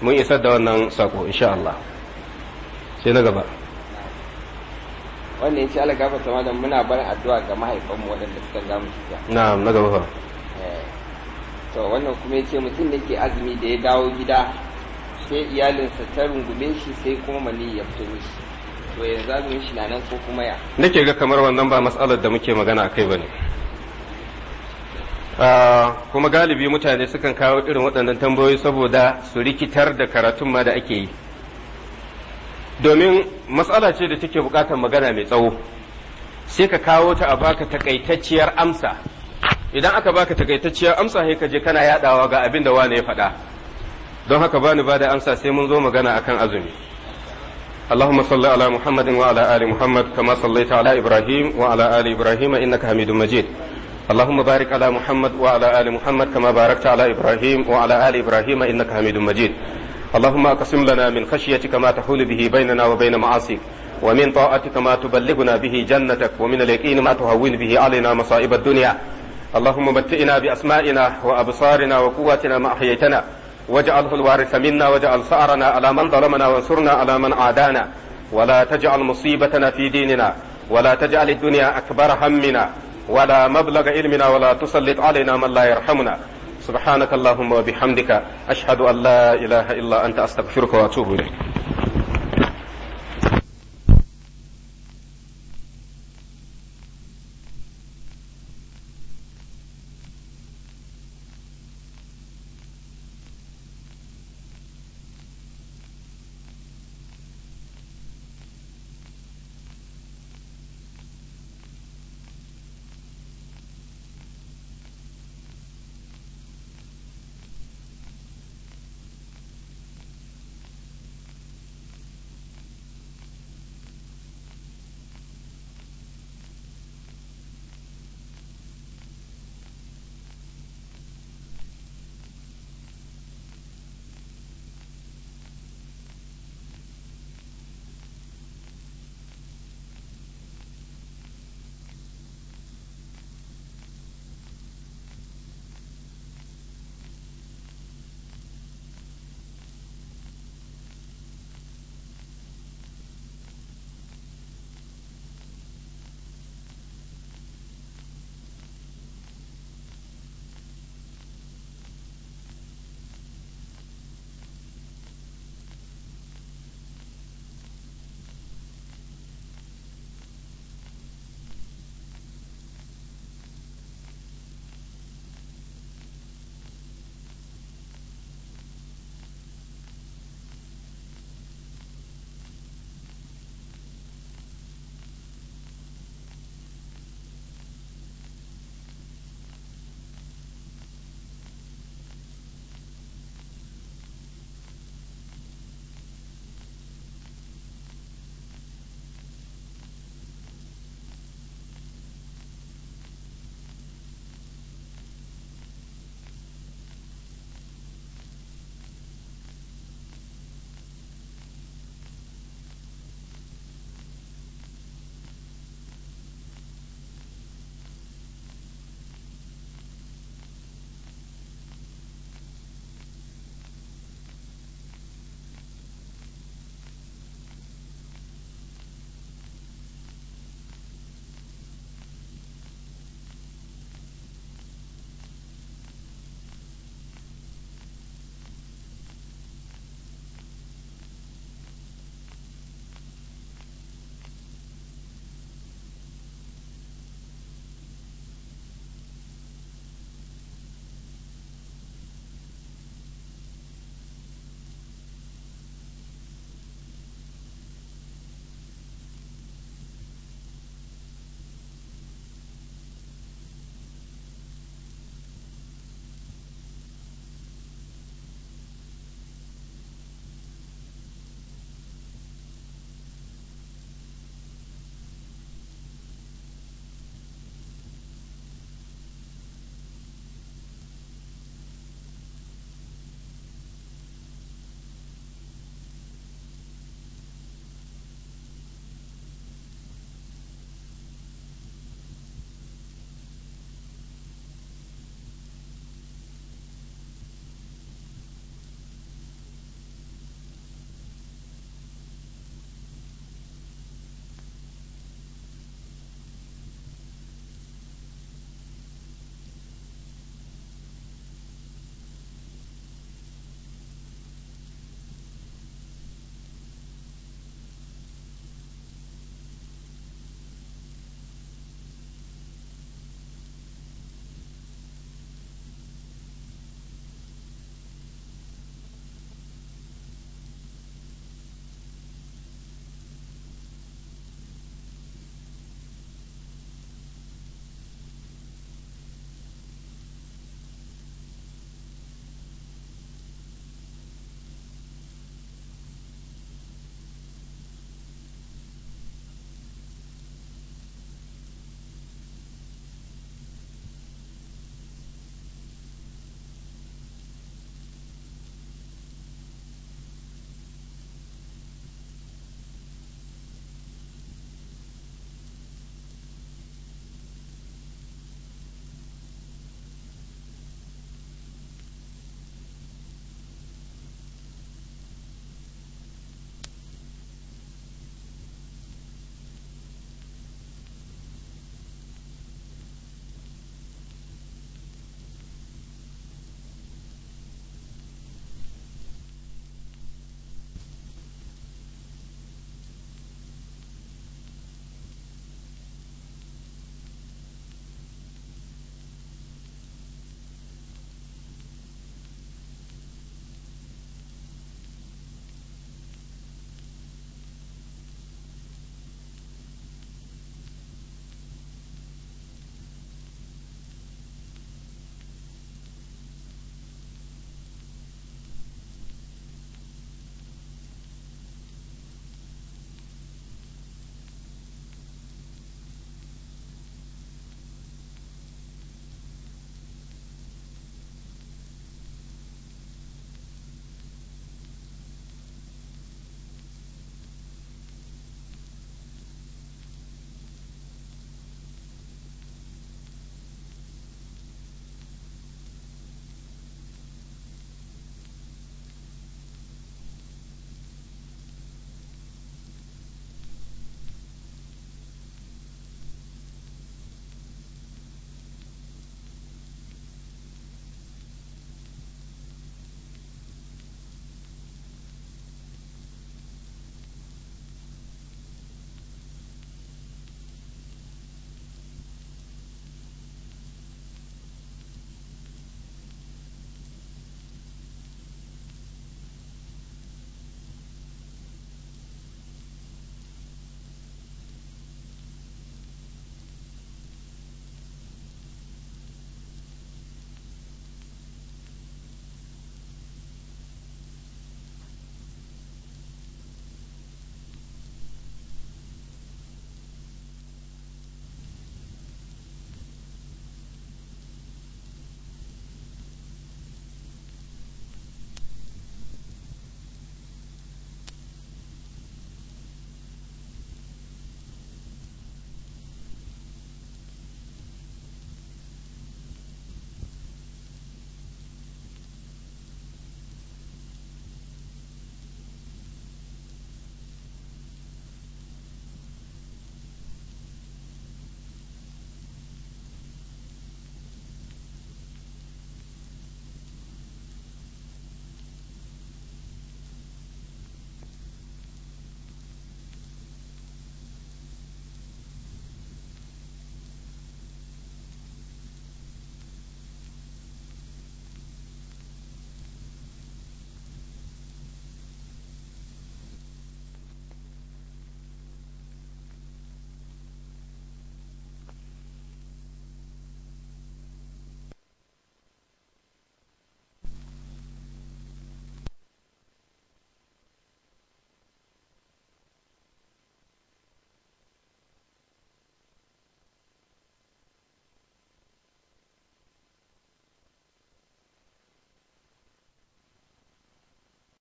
mun isar da wannan sako insha Allah sai na gaba wannan yace Allah sama malam muna barin addu'a ga mahaifanmu waɗanda suka mu shiga na'am na gaba fa eh, to wannan kuma yace mutum da ke azumi da ya dawo gida sai iyalinsa ta rungume shi sai kuma mani ya fito mishi yanzu shi nan ko kuma ya nake ga kamar wannan ba matsalar da muke magana akai bane ah, kuma galibi mutane sukan kawo irin waɗannan tambayoyi saboda su rikitar da karatun ma da ake yi domin matsala ce da take buƙatar magana mai tsawo sai ka kawo ta a baka takaitacciyar amsa idan aka baka takaitacciyar amsa sai ka je kana yadawa ga abin da wani ya faɗa don haka bani ba da amsa sai mun zo magana akan azumi اللهم صل على محمد وعلى آل محمد كما صليت على إبراهيم وعلى آل إبراهيم إنك حميد مجيد اللهم بارك على محمد وعلى آل محمد كما باركت على إبراهيم وعلى آل إبراهيم إنك حميد مجيد اللهم أقسم لنا من خشيتك ما تحول به بيننا وبين معاصيك ومن طاعتك ما تبلغنا به جنتك ومن اليقين ما تهون به علينا مصائب الدنيا اللهم متئنا بأسمائنا وأبصارنا وقواتنا ما أحييتنا واجعله الوارث منا واجعل ثأرنا على من ظلمنا وانصرنا على من عادانا ولا تجعل مصيبتنا في ديننا ولا تجعل الدنيا أكبر همنا ولا مبلغ علمنا ولا تسلط علينا من لا يرحمنا سبحانك اللهم وبحمدك أشهد أن لا إله إلا أنت أستغفرك وأتوب إليك